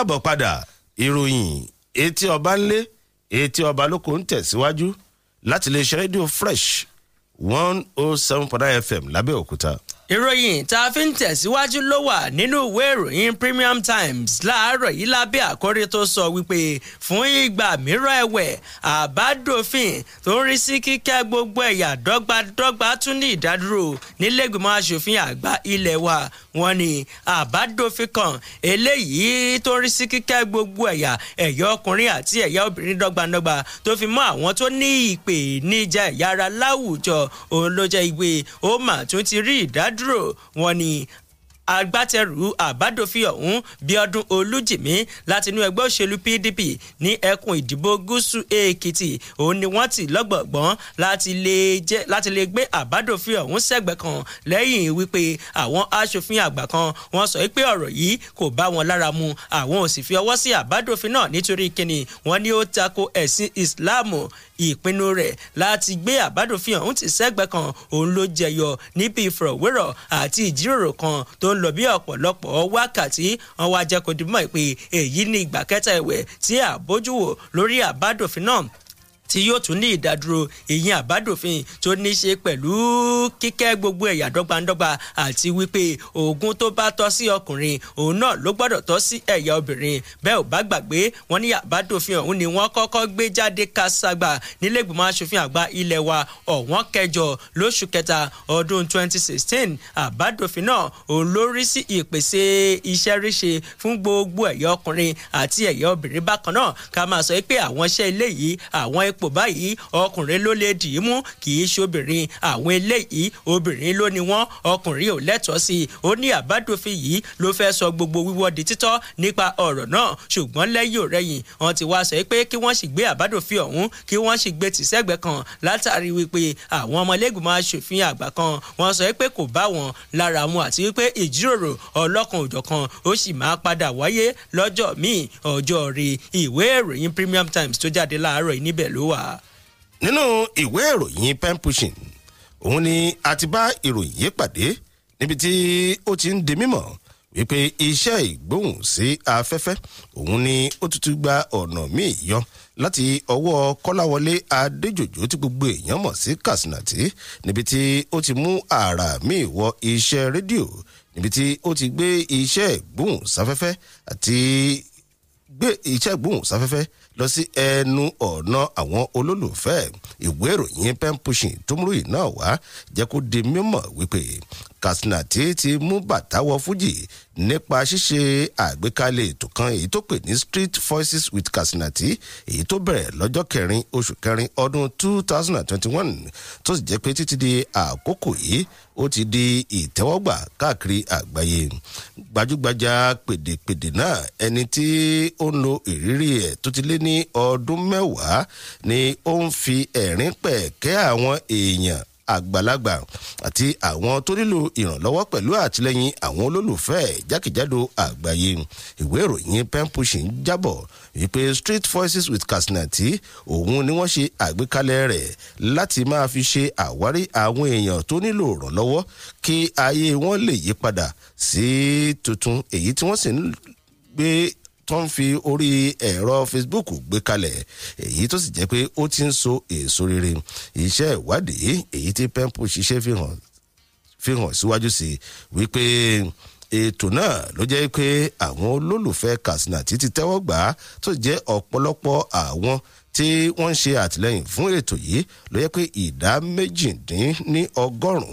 káàbọ̀ padà ìròyìn etí ọba ńlé etí ọba lóko ń tẹ̀síwájú láti lè rédíò fresh one oh seven point nine fm lábẹ́òkúta ìròyìn tá a fi ń tẹ̀síwájú ló wà nínú ìwé ìròyìn Premium Times láàárọ̀ yìí lábẹ́ àkórí tó sọ wípé fún ìgbà mìíràn ẹ̀wẹ̀ àbádòfin tó ń rí sí kíkẹ́ gbogbo ẹ̀yà dọ́gbadọ́gba tún ní ìdádúró nílẹ̀gbìmọ̀ asòfin àgbà ilé wa wọ́n ní àbádòfin kan eléyìí tó ń rí sí kíkẹ́ gbogbo ẹ̀yà ẹ̀yà ọkùnrin àti ẹ̀yà obìnrin dọ́gbandọ́gba tó fi mọ́ àwọn tó ní ìpèníjà ẹ̀yà ara láwùjọ òun ló jẹ́ ìgbé ó mà tún ti rí ìdádúró aduro wọ́n ní agbátẹrù àbádòfin ọ̀hún bíọ́dún olújìmí láti inú ẹgbẹ́ òṣèlú pdp ní ẹkùn ìdìbò gúúsù èkìtì òun ni wọ́n ti lọ́gbọ̀gbọ́n láti lè gbé àbádòfin ọ̀hún sẹ́gbẹ̀ kan lẹ́yìn wípé àwọn aṣòfin àgbà kan wọ́n sọ pé ọ̀rọ̀ yìí kò bá wọn lára mu àwọn ò sì fi ọwọ́ sí àbádòfin náà nítorí kíni wọ́n ní ó tako ẹ̀sìn ìsìláàmù ìpinnu rẹ̀ láti gbé àbádòfin ọ̀hún ti sẹ́gbẹ̀ kan òun ló jẹyọ níbi ìfọ̀rọ̀wérọ̀ ń lọ bí ọ̀pọ̀lọpọ̀ wákàtí wọn wá jẹ́ kó dimọ̀ pé èyí ni ìgbà kẹta ẹ̀wẹ̀ tí àbójúwò lórí àbádòfin náà tí yóò tún ní ìdádúró ìyẹn àbádòfin tó ní í ṣe pẹ̀lú kíkẹ́ gbogbo ẹ̀yà dọ́gbandọ́gba àti wípé oògùn tó bá tọ́ sí ọkùnrin òun náà ló gbọ́dọ̀ tọ́ sí ẹ̀yà obìnrin bẹ́ẹ̀ ò bá gbàgbé wọn ní àbádòfin ọ̀hún ni wọ́n kọ́kọ́ gbé jáde káságbà nílẹ̀gbọ̀mọ̀ asòfin àgbà ilẹ̀ wa ọ̀wọ́n kẹjọ lóṣù kẹta ọdún 2016 àbádòfin náà òun ló sí ìpèsè ipò báyìí ọkùnrin ló lè dì í mú kì í ṣe obìnrin àwọn eléyìí obìnrin ló ni wọ́n ọkùnrin ò lẹ́tọ̀ọ́ sí i ó ní àbádòfin yìí ló fẹ́ sọ gbogbo wíwọ́ títọ́ nípa ọ̀rọ̀ náà ṣùgbọ́n lẹ́yìn ò rẹ̀yìn ti wá sọ pé kí wọ́n sì gbé àbádòfin ọ̀hún kí wọ́n sì gbé tìṣẹ́gbẹ́ kan látàrí wípé àwọn ọmọlẹ́gbìmọ̀ aṣòfin àgbà kan wọ́n sọ pé kò bá wọn lára mu àti wípé ìjíròrò ọlọ́kan òjọ̀kan ó sì máa padà wáyé lọ́jọ́ míì ọjọ́ rí ìwé ìròyìn Premium Times tó jáde láàárọ̀ wà nínú ìwé ìròyìn pen pushing òun ni a ti bá ìròyìn yìí pàdé níbi tí ó ti ń di mímọ̀ wípé iṣẹ́ ìgbóhùn sí afẹ́fẹ́ òun ni ó tutù gba ọ̀nà míì yọ láti ọwọ́ kọ́láwọlé adéjòjò tí gbogbo èèyàn mọ̀ sí kàsínàtì níbi tí ó ti mú ààrà míì wọ iṣẹ́ rédíò níbi tí ó ti gbé iṣẹ́ ìgbóhùn sáfẹ́fẹ́ àti gbé iṣẹ́ ìgbóhùn sáfẹ́fẹ́ lọ sí ẹnu ọ̀nà àwọn olólùfẹ́ ìwé ìròyìn pen pushing tó múròyì náà wá jẹ́ kó di mímọ̀ wípé Kasinati ti mú bàtà wọ fújì nípa ṣíṣe àgbékalẹ̀ ètò kan èyí tó pè ní Street Voices with Kasinati èyí tó bẹ̀rẹ̀ lọ́jọ́ kẹrin oṣù kẹrin ọdún 2021 tó sì jẹ́ pé títí di àkókò yìí ó ti di ìtẹ́wọ́gbà káàkiri àgbáyé gbajúgbajà pèdèpèdè náà ẹni tí ó ń lo ìrírí ẹ̀ tó ti lé ní ọdún mẹ́wàá ni ó ń fi ẹ̀rín pẹ̀kẹ́ àwọn èèyàn àgbàlagbà àti àwọn tó nílò ìrànlọ́wọ́ pẹ̀lú àtìlẹ́yìn àwọn olólùfẹ́ jákèjádò àgbáyé ìwé ìròyìn pen pushing jábọ̀ wípé street voices with kasinati òun ni wọ́n ṣe àgbékalẹ̀ rẹ̀ láti máa fi ṣe àwárí àwọn èèyàn tó nílò ìrànlọ́wọ́ kí ayé wọn lè yí padà sí tuntun èyí tí wọ́n sì ń gbé tó ń fi orí ẹ̀rọ facebook gbé kalẹ̀ èyí tó sì jẹ́ pé ó ti ń so èso rere iṣẹ́ ìwádìí èyí tí pempo ṣiṣẹ́ fi hàn síwájú sí wípé ètò náà ló jẹ́ pé àwọn olólùfẹ́ katsina títí tẹ́wọ́ gbà tó jẹ́ ọ̀pọ̀lọpọ̀ àwọn tí wọ́n ń ṣe àtìlẹ́yìn fún ètò yìí ló yẹ pé ìdá méjìdínní ún wọn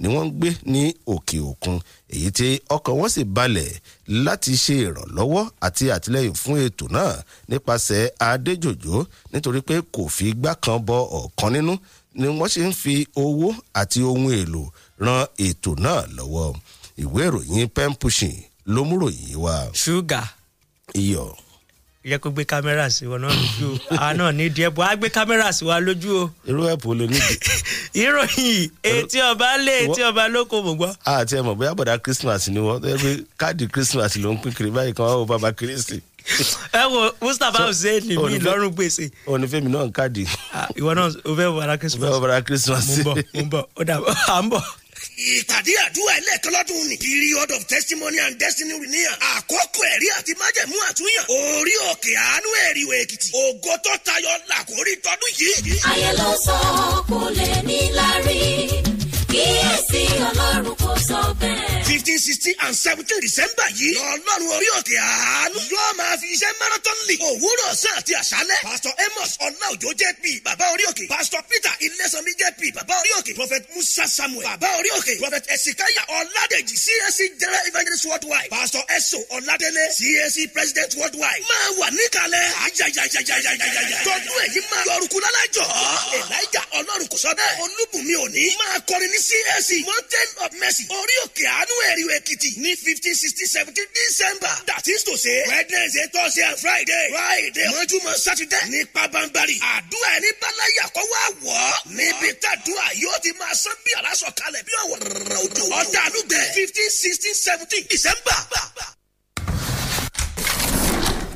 ni wọ́n ń gbé ní òkè òkun èyí tí ọkàn wọn sì balẹ̀ láti ṣe ìrànlọ́wọ́ àti àtìlẹ́yìn fún ètò náà nípasẹ̀ adéjòjò nítorí pé kò fi igbá kan bọ ọ̀kan nínú ni wọ́n ṣe ń fi owó àti ohun èlò ran ètò náà lọ́wọ́ ìwé ìròyìn pen pushing ló múròyìn wá. ṣúgà. iyọ̀ yẹ kó gbé kámẹ́rà sí wa náà lójú o àná nídìí ẹ̀bùn á gbé kámẹ́rà sí wa lójú o. irú ẹ̀pù ló nídìí. ìròyìn etí ọba lé etí ọba lóko mò ń gbọ́. a ti ẹ mọ̀ bóyá bọ̀dá christmas ni wọ́n ẹ pé káàdì christmas ló ń pín kiri báyìí kan wọ́n wo bàbá kérésì. ẹ wo mustapha hussein mi lọ́rùn gbèsè. onífẹ́mi náà ń káàdì. Ah, ìwọ náà o fẹ́ bọ̀dá christmas. o fẹ́ bọ̀dá christmas. mo ń bọ̀ mo ń bọ̀ ó dà ìpàdé àdúrà ẹlẹ́ẹ̀kan lọ́dún ni period of testimony and destiny renewal àkókò ẹ̀rí àti májẹ̀mú àtúnyàn orí òkè àánú ẹ̀rìwẹ̀ èkìtì ògo tó tayọ làkórí tọdún yìí. ayé ló sọ kò lè ní láárí kíyèsí ọlọ́run kò sọ bẹ́ẹ̀. fifteen sixteen and seventeen december yìí ọlọ́run orí òkè àánú yóò máa fi iṣẹ́ marathon league òwúrọ̀ ọ̀sán àti àṣálẹ̀ pastor amos ọláòjó jp bàbá orí òkè pastor peter ilésanmi jp bàbá orí òkè prophet musa samuel bàbá orí òkè prophet esikaya ọládèjì csc general evangelist worldwide pastor eso ọládélé csc president worldwide máa wà níkàlẹ̀ ajajajajajajaja tọdún CAC mountain of mercy orí òkè àánú ẹ̀rí èkìtì ní fifteen sixteen seventeen december that is to say wednesday thursday and friday friday mọ́júmọ́ saturday ní pabambari àdúrà ẹni bálayà kọ́ wá wọ̀ ọ́ níbi tàdúrà yóò ti máa sán bí àlásọ̀ kalẹ̀ bí ọ̀wọ̀ rẹ̀ òjò ọ̀dà àlùgbẹ̀ fifteen sixteen seventeen december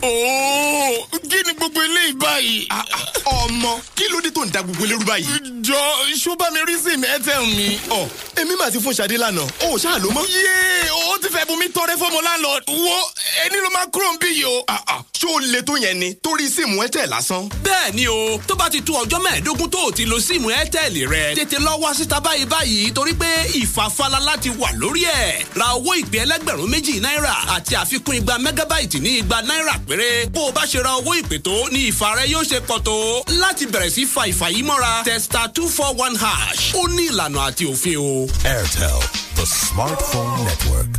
ooo kí ni gbogbo eléyìí báyìí. Ah, ah, ọmọ kí ló dé tó ń da gbogbo eléyìí báyìí. jọ ṣó bá mi rí sim airtel mi. ọ èmi mà ti fún Ṣadé lánàá o ò ṣáà ló mọ. yé o ti fẹ́ bu mi tọrẹ fọmọ lánàá wo ẹni ló máa kúrò ń bí yìí o. Ah, ṣó o le tó yẹn ni torí sim airtel lásán. bẹ́ẹ̀ ni o tó bá ti tó ọjọ́ mẹ́ẹ̀ẹ́dógún tó o ti lo sim airtel rẹ tètè lọ wá síta báyìí báyìí torí pé ìfàfàlà láti wà lórí ẹ̀ ra owó ìpè ẹlẹ́gbẹ̀rún méjì náírà àti àfikún igba mẹ́gábáìtì ní igba náírà péré bó o bá ṣe ra owó ìpè tó ni ìfà rẹ yóò ṣe pọ̀ tó láti bẹ̀rẹ̀ sí fa ìfà yìí mọ́ra testa two four one hash ó ní ìlànà àti òfin o. airtel the smartphone network.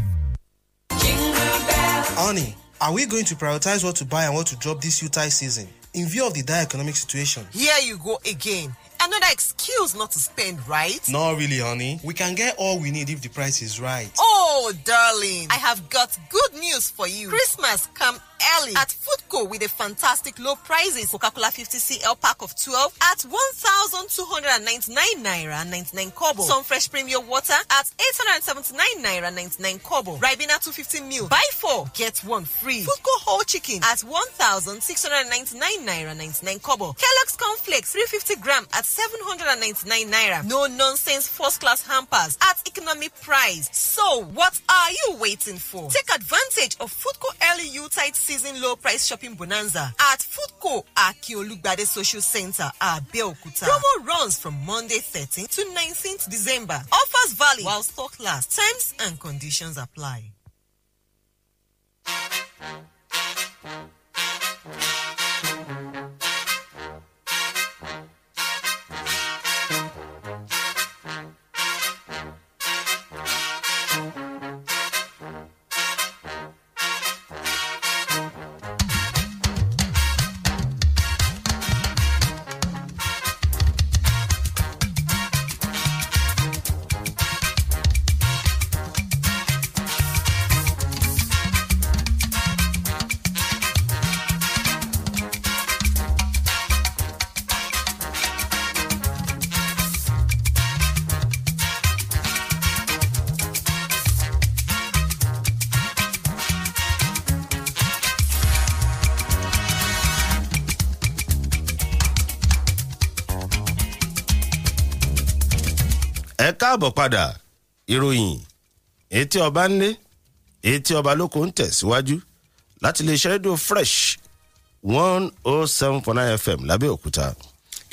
honey are we going to prioritize what to buy and what to drop this utah season in view of the dire economic situation. here you go again another excuse not to spend, right? Not really, honey. We can get all we need if the price is right. Oh, darling, I have got good news for you. Christmas come early at Foodco with a fantastic low prices. Coca-Cola 50cl pack of 12 at 1,299 naira 99 kobo. Some fresh premium water at 879 naira 99 kobo. Ribena 250 mil. Buy four, get one free. Foodco whole chicken at 1,699 naira 99 kobo. Kellogg's cornflakes 350 gram at 799 naira. No nonsense first class hampers at economy price. So, what are you waiting for? Take advantage of Foodco Early Yuletide Season Low Price Shopping Bonanza at Foodco Akiolugbade Social Center, Abeokuta. Promo runs from Monday 13th to 19th December. Offers valid while stock lasts. Terms and conditions apply. Thank you. ẹ káàbọ̀ padà ìròyìn etí ọba ńlé etí ọba lóko ń tẹ̀síwájú láti lè ṣe rédíò fresh one oh seven point nine fm lábẹ́òkúta.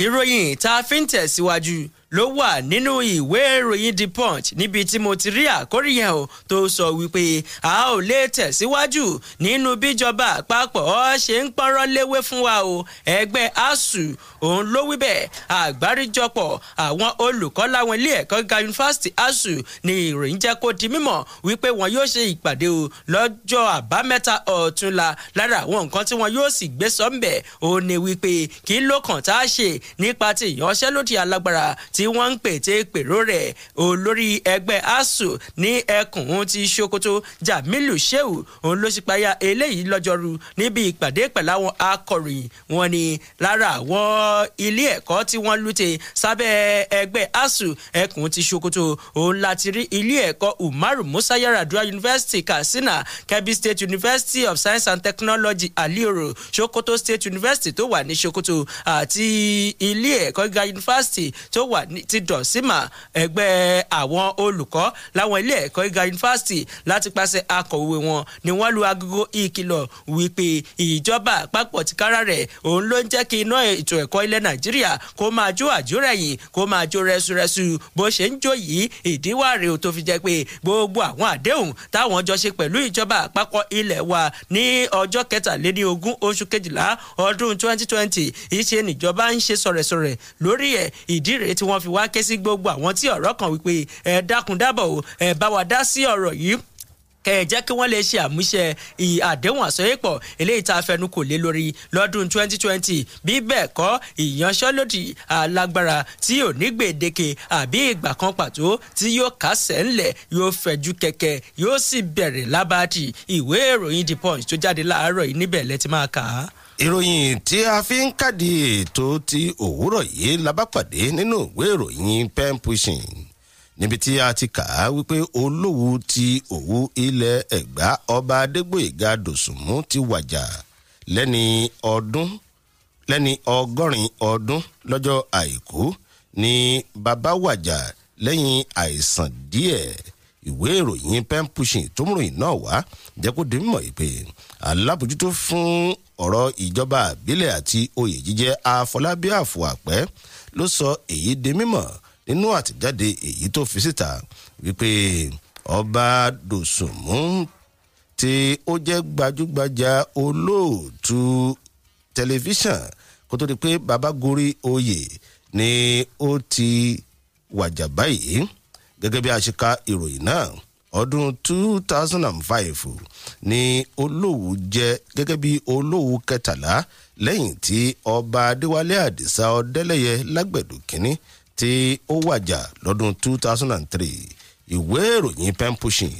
ìròyìn tá a fi ń tẹ̀síwájú. Si ló wà nínú ìwé ìròyìn the punch níbi tí mo ti rí àkórí o tó sọ wípé a ò lè tẹ̀síwájú nínú bíjọba àpapọ̀ ṣe ń pọ́nrọ́ léwé fún wa o ẹgbẹ́ asu òun ló wí bẹ́ẹ̀ àgbáríjọpọ̀ àwọn olùkọ́ láwọn ilé ẹ̀kọ́ ga yunifásitì asu ni ìròyìn jẹ́ kó di mímọ̀ wípé wọn yóò ṣe ìpàdé o lọ́jọ́ àbámẹ́ta ọ̀túnla lára àwọn nǹkan tí wọn yóò sì gbé sọ́ńbẹ̀ òun ni wípé kí ló kàn tí wọ́n ń pète pèrò rẹ̀ olórí ẹgbẹ́ asuu ní ẹkùn ti sokoto jamilu shehu òun ló ṣípayá eléyìí lọ́jọ́rú níbi ìpàdé pẹ̀lú àwọn akọ̀ròyìn wọn ni lára àwọn ilé ẹ̀kọ́ tí wọ́n lùtẹ̀ sábẹ́ ẹgbẹ́ asuu ẹkùn ti sokoto òun láti rí ilé ẹ̀kọ́ umaru musa yaradua university katsina kebbi state university of science and technology Aliro sokoto state university tó wà ní sokoto àti ilé ẹ̀kọ́ gíga university tó wà ti dọ̀símà ẹgbẹ́ àwọn olùkọ́ láwọn ilé ẹ̀kọ́ gíga yunifásitì láti pàṣẹ akọ̀wé wọn ni wọ́n lu agogo ìkìlọ̀ wípé ìjọba àpapọ̀ ti kára rẹ̀ òun ló ń jẹ́ kí iná ètò ẹ̀kọ́ ilẹ̀ nàìjíríà kó máa jó àjó rẹ̀yìn kó máa jó rẹ́súrẹ́sú bó ṣe ń jó yìí ìdíwà rèé tó fi jẹ́ pé gbogbo àwọn àdéhùn táwọn jọ ṣe pẹ̀lú ìjọba àpapọ̀ ilẹ̀ wa ní ọjọ́ kẹtàléní oṣù kejìlá ọdún 2020 ìṣe níjọba ń ṣe sọ̀rẹ̀sọ̀rẹ̀ lórí ẹ̀ ìdí rèé tí wọ́n wọ́n fi wá ké sí gbogbo àwọn tí ọ̀rọ̀ kàn wípé ẹ dákun dábọ̀ o ẹ bá wa dá sí ọ̀rọ̀ yìí kẹ jẹ́ kí wọ́n lè ṣe àmúṣe àdéhùn àsọyépọ̀ eléyìí tá a fẹnu kò lé lórí lọ́dún 2020 bí bẹ́ẹ̀ kọ́ ìyanṣẹ́lódì alágbára tí ò ní gbèdéke àbí ìgbà kan pàtó tí yóò kásẹ̀ ńlẹ̀ yóò fẹ̀jú kẹ̀kẹ́ yóò sì bẹ̀rẹ̀ lábàdì ìwé ìròyìn the punch tó jáde láàárọ̀ yìí níbẹ̀ lẹ́tí máa kà á ìròyìn tí a fi ń kádì ètò ti òwúrọ̀ yìí labápàdé nínú ìwé ìròyìn pen pushing níbi tí a ti kà á wípé olówù ti òwú ilẹ̀ ẹ̀gbá ọba adégbòyèga dòsùnmú ti wàjà lẹ́ni ọdún lẹ́ni ọgọ́rin ọdún lọ́jọ́ àìkú ni bàbá wàjà lẹ́yìn àìsàn díẹ̀ ìwé ìròyìn pen pushing tó mú ìròyìn náà wá jẹ́ kó di mímọ̀ ìpè alábòjútó fún ọ̀rọ̀ ìjọba àbílẹ̀ àti oyè jíjẹ afọlábí àfọwàpẹ́ ló sọ èyí di mímọ̀ nínú àtẹ̀jáde èyí tó fi síta wípé ọba dòsùnmú tí ó jẹ́ gbajúgbajà olóòtú tẹlifíṣàn kó tó di pé baba gorí oyè ni ó ti wàjà báyìí gẹ́gẹ́ bí a ṣe ka ìròyìn náà ọdún two thousand and five ni olówú jẹ gẹ́gẹ́ bí olówú kẹtàlá lẹ́yìn tí ọba adéwálé àdìsá ọdẹ́lẹ́yẹ lágbẹ̀dù kínní tí ó wàjà lọ́dún two thousand and three ìwé ìròyìn pen pushing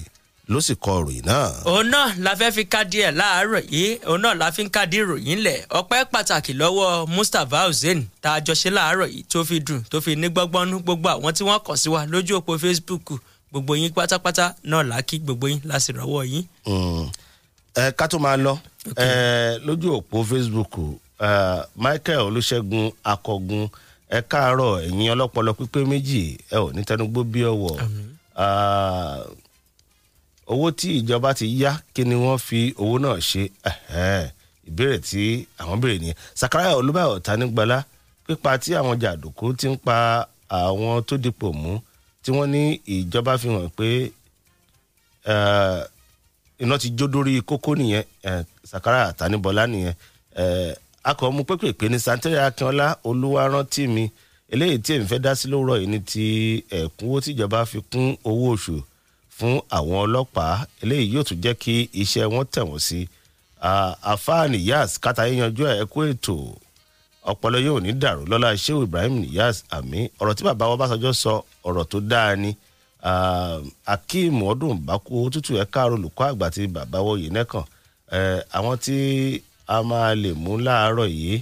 ló sì kọ ròyìn náà. òun náà la fẹ́ fi kádìí ẹ̀ láàárọ̀ yìí òun náà la fi ń kádìí ìròyìn lẹ̀ ọpẹ́ pàtàkì lọ́wọ́ mustapha hussein tá a jọ ṣe láàárọ̀ yìí tó fi dùn tó fi ní gbọ́gbọ́nú gbogbo àwọn tí wọ́n kàn sí wa lójú òpó facebook gbogbo yín pátápátá náà là á kí gbogbo yín láti rọ́wọ́ yín. Mm. ẹ ká tó máa lọ lójú òpó facebook uh, michael olùṣègùn akọgun ẹ káàárọ̀ ẹ̀yin ọlọ́pọlọ pípé méjì ẹ ò ní tẹnugbó bí ọ̀wọ̀ owó tí ìjọba ti yá kí ni wọ́n fi owó náà ṣe ìbéèrè tí àwọn béèrè nìyẹn sakaraya olúbáyọ̀ tanígbàlá pípa tí àwọn jàǹdùkú ti ń pa àwọn tó dipò mú. Uh, tí wọ́n ní ìjọba fi hàn pé iná ti jó dórí kókó nìyẹn Sakara Àtàníbọlá nìyẹn akọ̀ọ́mú pépèpé ní Santere Akínọlá Olúwarántí mi eléyìí tí èmi fẹ́ dá sí lówùrọ̀ yìí ni ti ẹ̀kúnwó tíjọba fi kún owó oṣù fún àwọn ọlọ́pàá eléyìí yóò tún jẹ́ kí iṣẹ́ wọn tẹ̀wọ̀n sí àfáàní yas kátàyé yanjú ẹ̀kú ètò ọpọlọ yóò ní dàrú lọ́lá Shehu Ibrahim Niyas àmì ọ̀rọ̀ tí bàbá wa Ọbásanjọ́ sọ ọ̀rọ̀ tó dáa ni ah, Akeem ọdún bákú tútù ẹ káàárọ̀ olùkọ́ àgbà ti bàbá wọ̀nyí nẹ́kàn eh, àwọn tí a máa lè mú láàárọ̀ yìí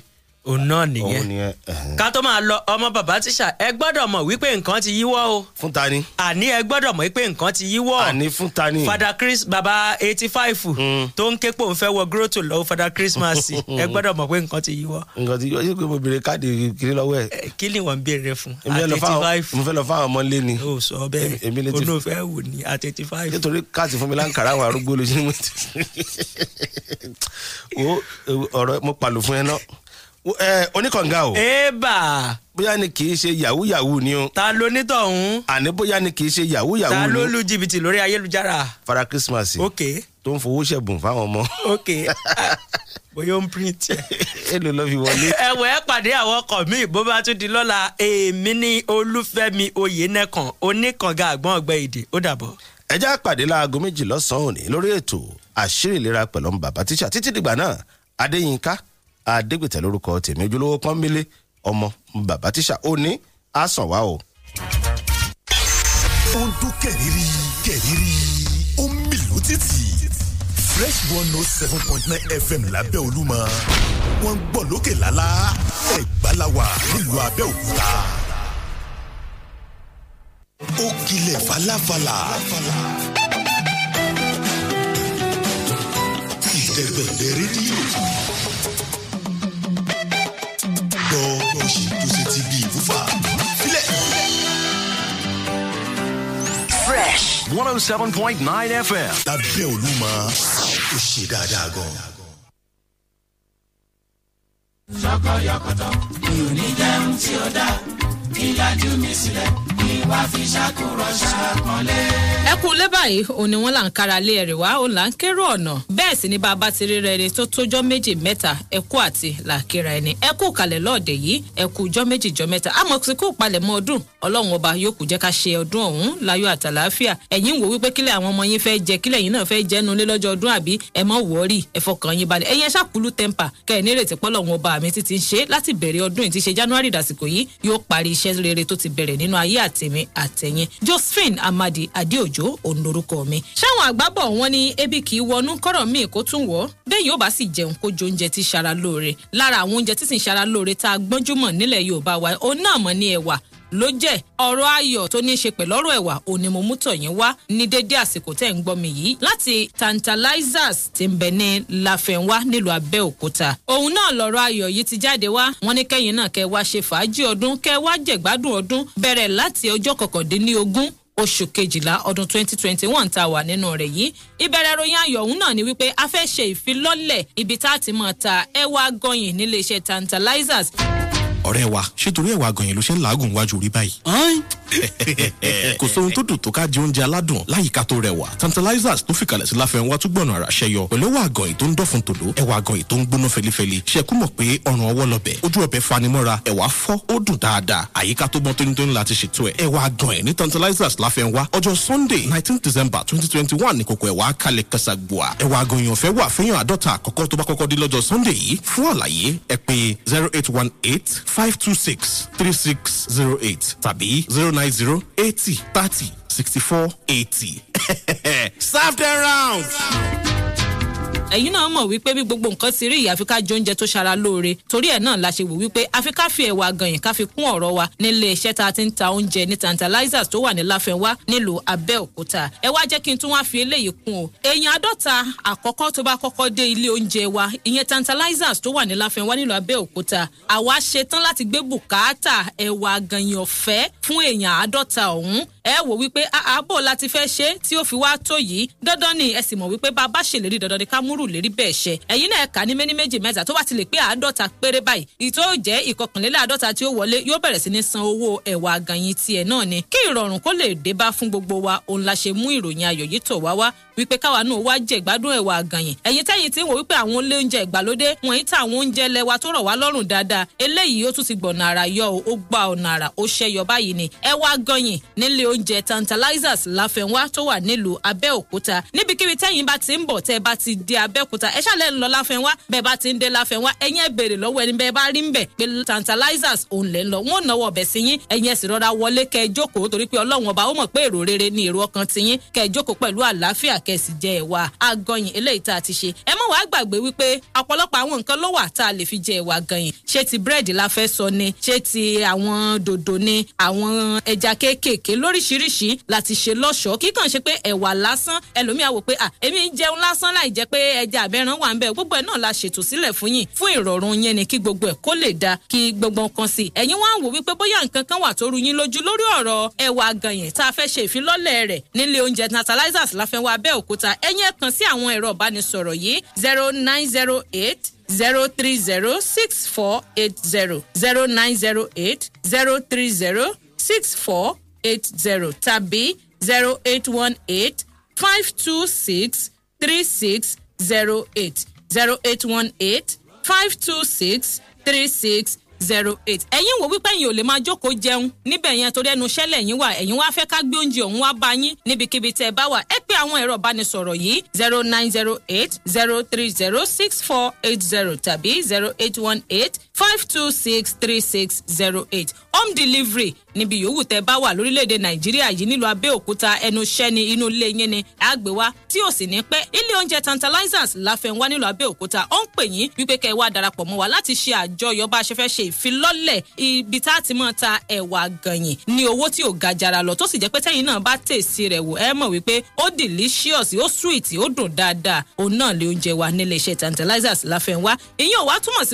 òun náà nìyẹn ká tó máa lọ ọmọ bàbá tíṣà ẹ gbọ́dọ̀ mọ̀ wípé nǹkan ti yíwọ́ o. fún ta ni. àní ẹ gbọ́dọ̀ mọ̀ wípé nǹkan ti yíwọ́. àní fún ni. fada chris baba eighty five hmm. tó ń képo òun fẹ́ wọ grótò lọ́wọ́ fada christmas ẹ gbọ́dọ̀ mọ̀ pé nǹkan ti yíwọ́. nǹkan ti yíwọ́ yóò gbé mo béèrè káàdì kiri lọ́wọ́ ẹ̀. kí ni wọ́n ń béèrè fún. mo fẹ́ lọ fáwọn ọmọ lé ni. o sọ bẹ́ẹ̀ n'o at eighty five. nítorí káàtì fún mi láǹkàrà àwọn arúgbó lójú ni mo ti. wo ọ̀rọ̀ mo Eh, oníkànga o. eba. bóyá ni kì í ṣe yahoo yahoo ni o. ta ló ní tọ̀hún. àní bóyá ni kì í ṣe yahoo yahoo ni. ta ló lu jìbìtì lórí ayélujára. fara christmas. ok. tó ń fowó ṣẹ̀bùn fáwọn ọmọ. ok bóyá ń print. èlò ló fi wọlé. ẹ̀wọ̀ pàdé àwọn ọkọ̀ mi bó bá tún di lọ́la èmi ní olúfẹ́mi oyènẹ́kan oníkànga àgbọ̀n ọgbẹ́ èdè ó dàbọ̀. ẹ já láago méjì lọ́sàn òní lórí ètò àṣírí ìlera pẹ̀lú adégbètè lórúkọ tèmi ojúlówó pọ́nbélé ọmọ bàbá tíṣà ó ní àsàn wá o. ó ń dún kẹ̀rìírí kẹ̀rìírí ó ń mì lótìtì fresh one note oh seven point nine fm lábẹ́ olúmọ wọ́n ń gbọ́ lókè lálá ẹ̀gbá la wà nílùú abẹ́òkúta. ó kilẹ̀ falafala. ìdẹ̀gbẹ̀dẹ̀ rédíò. 107.9 FM. lábẹ́ Olúmọ ó ṣe dáadáa gan-an ṣọkọyọkọtọ mi ò ní jẹun tí ó dáa kí yájú mi lé báyìí òun ni wọn là ń kára lé ẹrẹ wá òun là ń kérò ọ̀nà bẹ́ẹ̀ sì ni bàbá ti rí rẹ ẹni tó tójọ́ méjì mẹ́ta ẹ kú àti làkèrà ẹni ẹ kú kalẹ̀ lọ́ọ̀dẹ̀ yìí ẹ kú jọ́ méjì jọ́ mẹ́ta àmọ́ sì kú palẹ̀ mọ́ ọdún ọlọ́run ọba yóò kù jẹ́ ká ṣe ọdún ọ̀hún láyọ̀ àtàlàáfíà ẹ̀yin wò wípé kílẹ̀ àwọn ọmọ yín fẹ́ jẹ kílẹ̀ yín náà fẹ́ jẹ nu lé ọdún àbí ẹ mọ́ wọ́ọ̀rì ẹ yín balẹ̀ ẹ̀yin ẹ mi ti ti ń ṣe láti bẹ̀rẹ̀ ọdún yìí january dàsìkò yìí yóò parí iṣẹ́ rere tó ti bẹ̀rẹ̀ nínú ayé àtẹ̀mí àtẹ̀yìn josephine amadi adeojo òǹdorúkọ mi. sáwọn àgbábọ̀ wọn ni ebi kì í wọnú kọ́rọ̀ míì kó tún wọ̀ bẹ́ẹ̀ yóò bá sì jẹun kó jo oúnjẹ tí ṣara lóore lára àwọn oúnjẹ tí sì ṣara lóore tá a gbọ́njúmọ̀ nílẹ̀ yorùbá wa òun náà mọ̀ ní ẹ̀wà ló jẹ́ ọ̀rọ̀ ayọ̀ tó ní í ṣe pẹ̀lọ́rọ̀ ẹ̀wà òní mo mú tọ̀yìn wá ní dédé àsìkò tẹ̀ ń gbọ́ mi yìí láti tantalizers ti ń bẹ ní láfẹnwá nílùú abẹ́òkúta òun náà lọ̀rọ̀ ayọ̀ yìí ti jáde wá wọ́n ní kẹ́yìn náà kẹ́ wá ṣe fàájì ọdún kẹ́ wá jẹ̀gbádùn ọdún bẹ̀rẹ̀ láti ọjọ́ kọkàndínlógún oṣù kejìlá ọdún 2021 tá a wà nínú rẹ̀ yìí ìbẹ̀rẹ̀ ròyìn ayọ̀ ọ̀hún náà ni wípé a fẹ́ ṣe ìfilọ́lẹ̀ ibi tá a ti máa ta ẹwà gọyìn níléeṣẹ́ tantalizers ọ̀rẹ́ wa ṣé torí ẹ̀wà àgànyìn ló ṣe ń làágùn wájú rí báyìí kò sóhun tó dùn tó ká di oúnjẹ aládùn láyìíká tó rẹwà tantalizers tó fìkàlẹ̀ sí láfẹ́ wá túgbọ̀nà àrà ṣẹyọ pẹ̀lú ẹ̀wà àgànyìn tó ń dọ̀fun tòló ẹ̀wà àgànyìn tó ń gbóná fẹlifẹli ṣẹkú mọ̀ pé ọ̀ràn ọwọ́ lọ́bẹ̀ ojú ọbẹ̀ fanimọ́ra ẹ̀wà fọ́ ó dùn dáadáa àyíká tó mọ́ sunday nineteen december twenty twenty one ní kòkò ẹ̀wà kalẹ̀ kẹsàgbọ́à ẹ̀wà àgànyìn ọ̀fẹ́ wà fẹ́yàn àdọ́ta àkọ́kọ́ tó bá sunday yìí fún àlàyé ẹ pé zero eight one eight 526 3608 tàbí 090 80 30 64 80. Serve them round ẹ̀yin náà mọ̀ wípé bí gbogbo nǹkan ti rí yìí àfi ká jẹ oúnjẹ tó ṣara lóore torí ẹ̀ náà la ṣe wò wípé àfi ká fi ẹ̀wà gànyìn ká fi kún ọ̀rọ̀ wa nílé iṣẹ́ tá a ti ń ta oúnjẹ ní tantalizers tó wà ní láfẹnwá nílùú abẹ́òkúta ẹ wá jẹ́ kí n tún wá fi eléyìí kún o èèyàn àádọ́ta àkọ́kọ́ tó bá kọ́kọ́ dé ilé oúnjẹ wa ìyẹn tantalizers tó wà ní láfẹnwá nílùú abẹ́òkúta àwa ṣetán láti gbé bùkátà ẹ̀wà gànyìn ọ̀fẹ́ fún èèyàn àádọ́ta ọ̀hún ẹ wò wípé àbò láti fẹ́ ṣe tí ó fi wá tó yìí dandan ni ẹ sì mọ̀ wípé bá a bá ṣèlérí dandan ni ká múrù lérí bẹ́ẹ̀ ṣe ẹ̀yin náà kà ní méní méjì mẹ́ta tó bá ti lè pé àádọ́ta péré báyìí ìtó jẹ́ ìkọkànléláàádọ́ta tí ó wọlé yóò bẹ̀rẹ̀ sí ní san owó ẹ̀wà àgànyìn tiẹ̀ náà ni kí ìrọ̀rùn kó lè dé bá fún gbogbo wa òun la ṣe mú ìròyìn ayọ̀ yìí tọ̀ wá wá wípé káwa náà wá jẹ ìgbádùn ẹ̀wà àgànyìn ẹ̀yin tẹ́yìn tí ń wò wípé àwọn ilé oúnjẹ ìgbàlódé wọ̀nyí tà àwọn oúnjẹ lẹ́wà tó rọ̀ wá lọ́rùn dáadáa eléyìí ó tún ti gbọ̀nà àrà yọ ó gba ọ̀nà àrà ó ṣẹ́yọ báyìí ni ẹ̀wà àgànyìn nílé oúnjẹ tantalizers láfẹnwá tó wà nílùú abẹ́òkúta níbikíbi tẹ́yìn bá ti ń bọ̀ tẹ́ bá ti dé abẹ́òkúta ẹ ṣàlẹ̀ ń lọ láfẹnwá bẹ́ẹ̀ bá ti ń dé láfẹnwá ẹ̀yìn ẹ̀ bèrè lọ́wọ́ ẹni bẹ́ẹ̀ bá rí ń bẹ̀ pé tantalizers òun lẹ̀ ń lọ wọn ò náwó ọbẹ̀ sí yín ẹ̀yìn ẹ̀sìn rọra wọlé kẹ́ jókòó torí pé ọlọ́run ọba ó mọ̀ pé èrò rere ni èrò ọkàn ti yín kẹ́ jókòó pẹ̀lú àlàáfíà kẹ́ sì jẹ ẹ̀wà agọyìn eléyìí ti ṣe ẹ mọ̀ wàá ti búrẹ́dì la fẹ́ sọ ni ṣé ti lóríṣiríṣi láti ṣe lọ́ṣọ̀ọ́ kíkàn ṣe pé ẹ̀wà lásán ẹlòmíà wò pé à èmi ń jẹun lásán láì jẹ́ pé ẹja àbẹ̀rán wà ń bẹ̀ gbogbo ẹ̀ náà la ṣètò sílẹ̀ fún yín fún ìrọ̀rùn yẹn ni kí gbogbo ẹ̀ kó lè da kí gbogbo nǹkan sí ẹ̀yin wá ń wò wípé bóyá nǹkan kan wà tó ru yín lójú lórí ọ̀rọ̀ ẹ̀wà àgànyìn tá a fẹ́ ṣe ìfilọ́lẹ̀ rẹ̀ nílé oúnjẹ natalizers láfẹ́wọ́ abẹ́òkúta ẹ̀yin ẹ̀ kàn sí àwọn ẹ̀rọ ìbánisọ̀rọ̀ yìí zero nine zero eight zero three zero six four eight zero zero nine zero eight zero three zero six four eight zero tàbí zero eight one eight five two six three six zero eight zero eight one eight five two six three six zero eight. ẹ̀yin wo wípé ẹ̀yin ò lè máa jókòó jẹun níbẹ̀ yẹn torí ẹnu iṣẹ́ lẹ́yìn wà ẹ̀yin wá fẹ́ ká gbé oúnjẹ ọ̀hún wá bá yín níbikíbi tẹ́ ẹ bá wà ẹ pé àwọn ẹ̀rọ ìbánisọ̀rọ̀ yìí zero nine zero eight zero three zero six four eight zero tàbí zero eight one eight five two six three six zero eight home delivery níbi yòówù tẹ́ bá wà lórílẹ̀‐èdè nàìjíríà yìí nílùú abẹ́òkúta ẹnu iṣẹ́ ni inú ilé yín ni àgbéwá tí ò sì ní pẹ́ ilé oúnjẹ tantalizers láfẹnwá nílùú abẹ́òkúta ó ń pè yín wípé kẹ́ ẹ wá darapọ̀ mọ́ wa láti ṣe àjọyọ̀ bá a ṣe fẹ́ ṣe ìfilọ́lẹ̀ ibi tá a ti máa ta ẹ̀wà gànyìn ní owó tí ò ga jara lọ tó sì jẹ́ pé tẹ́yìn náà bá tèsí rẹ̀ wò ẹ mọ̀ wípé ó delicious ó sweet ó dùn dáadáa òun náà lè oúnjẹ wa nílé iṣẹ́ tantalizers láfẹnwá èyí ò wá túmọ̀ sí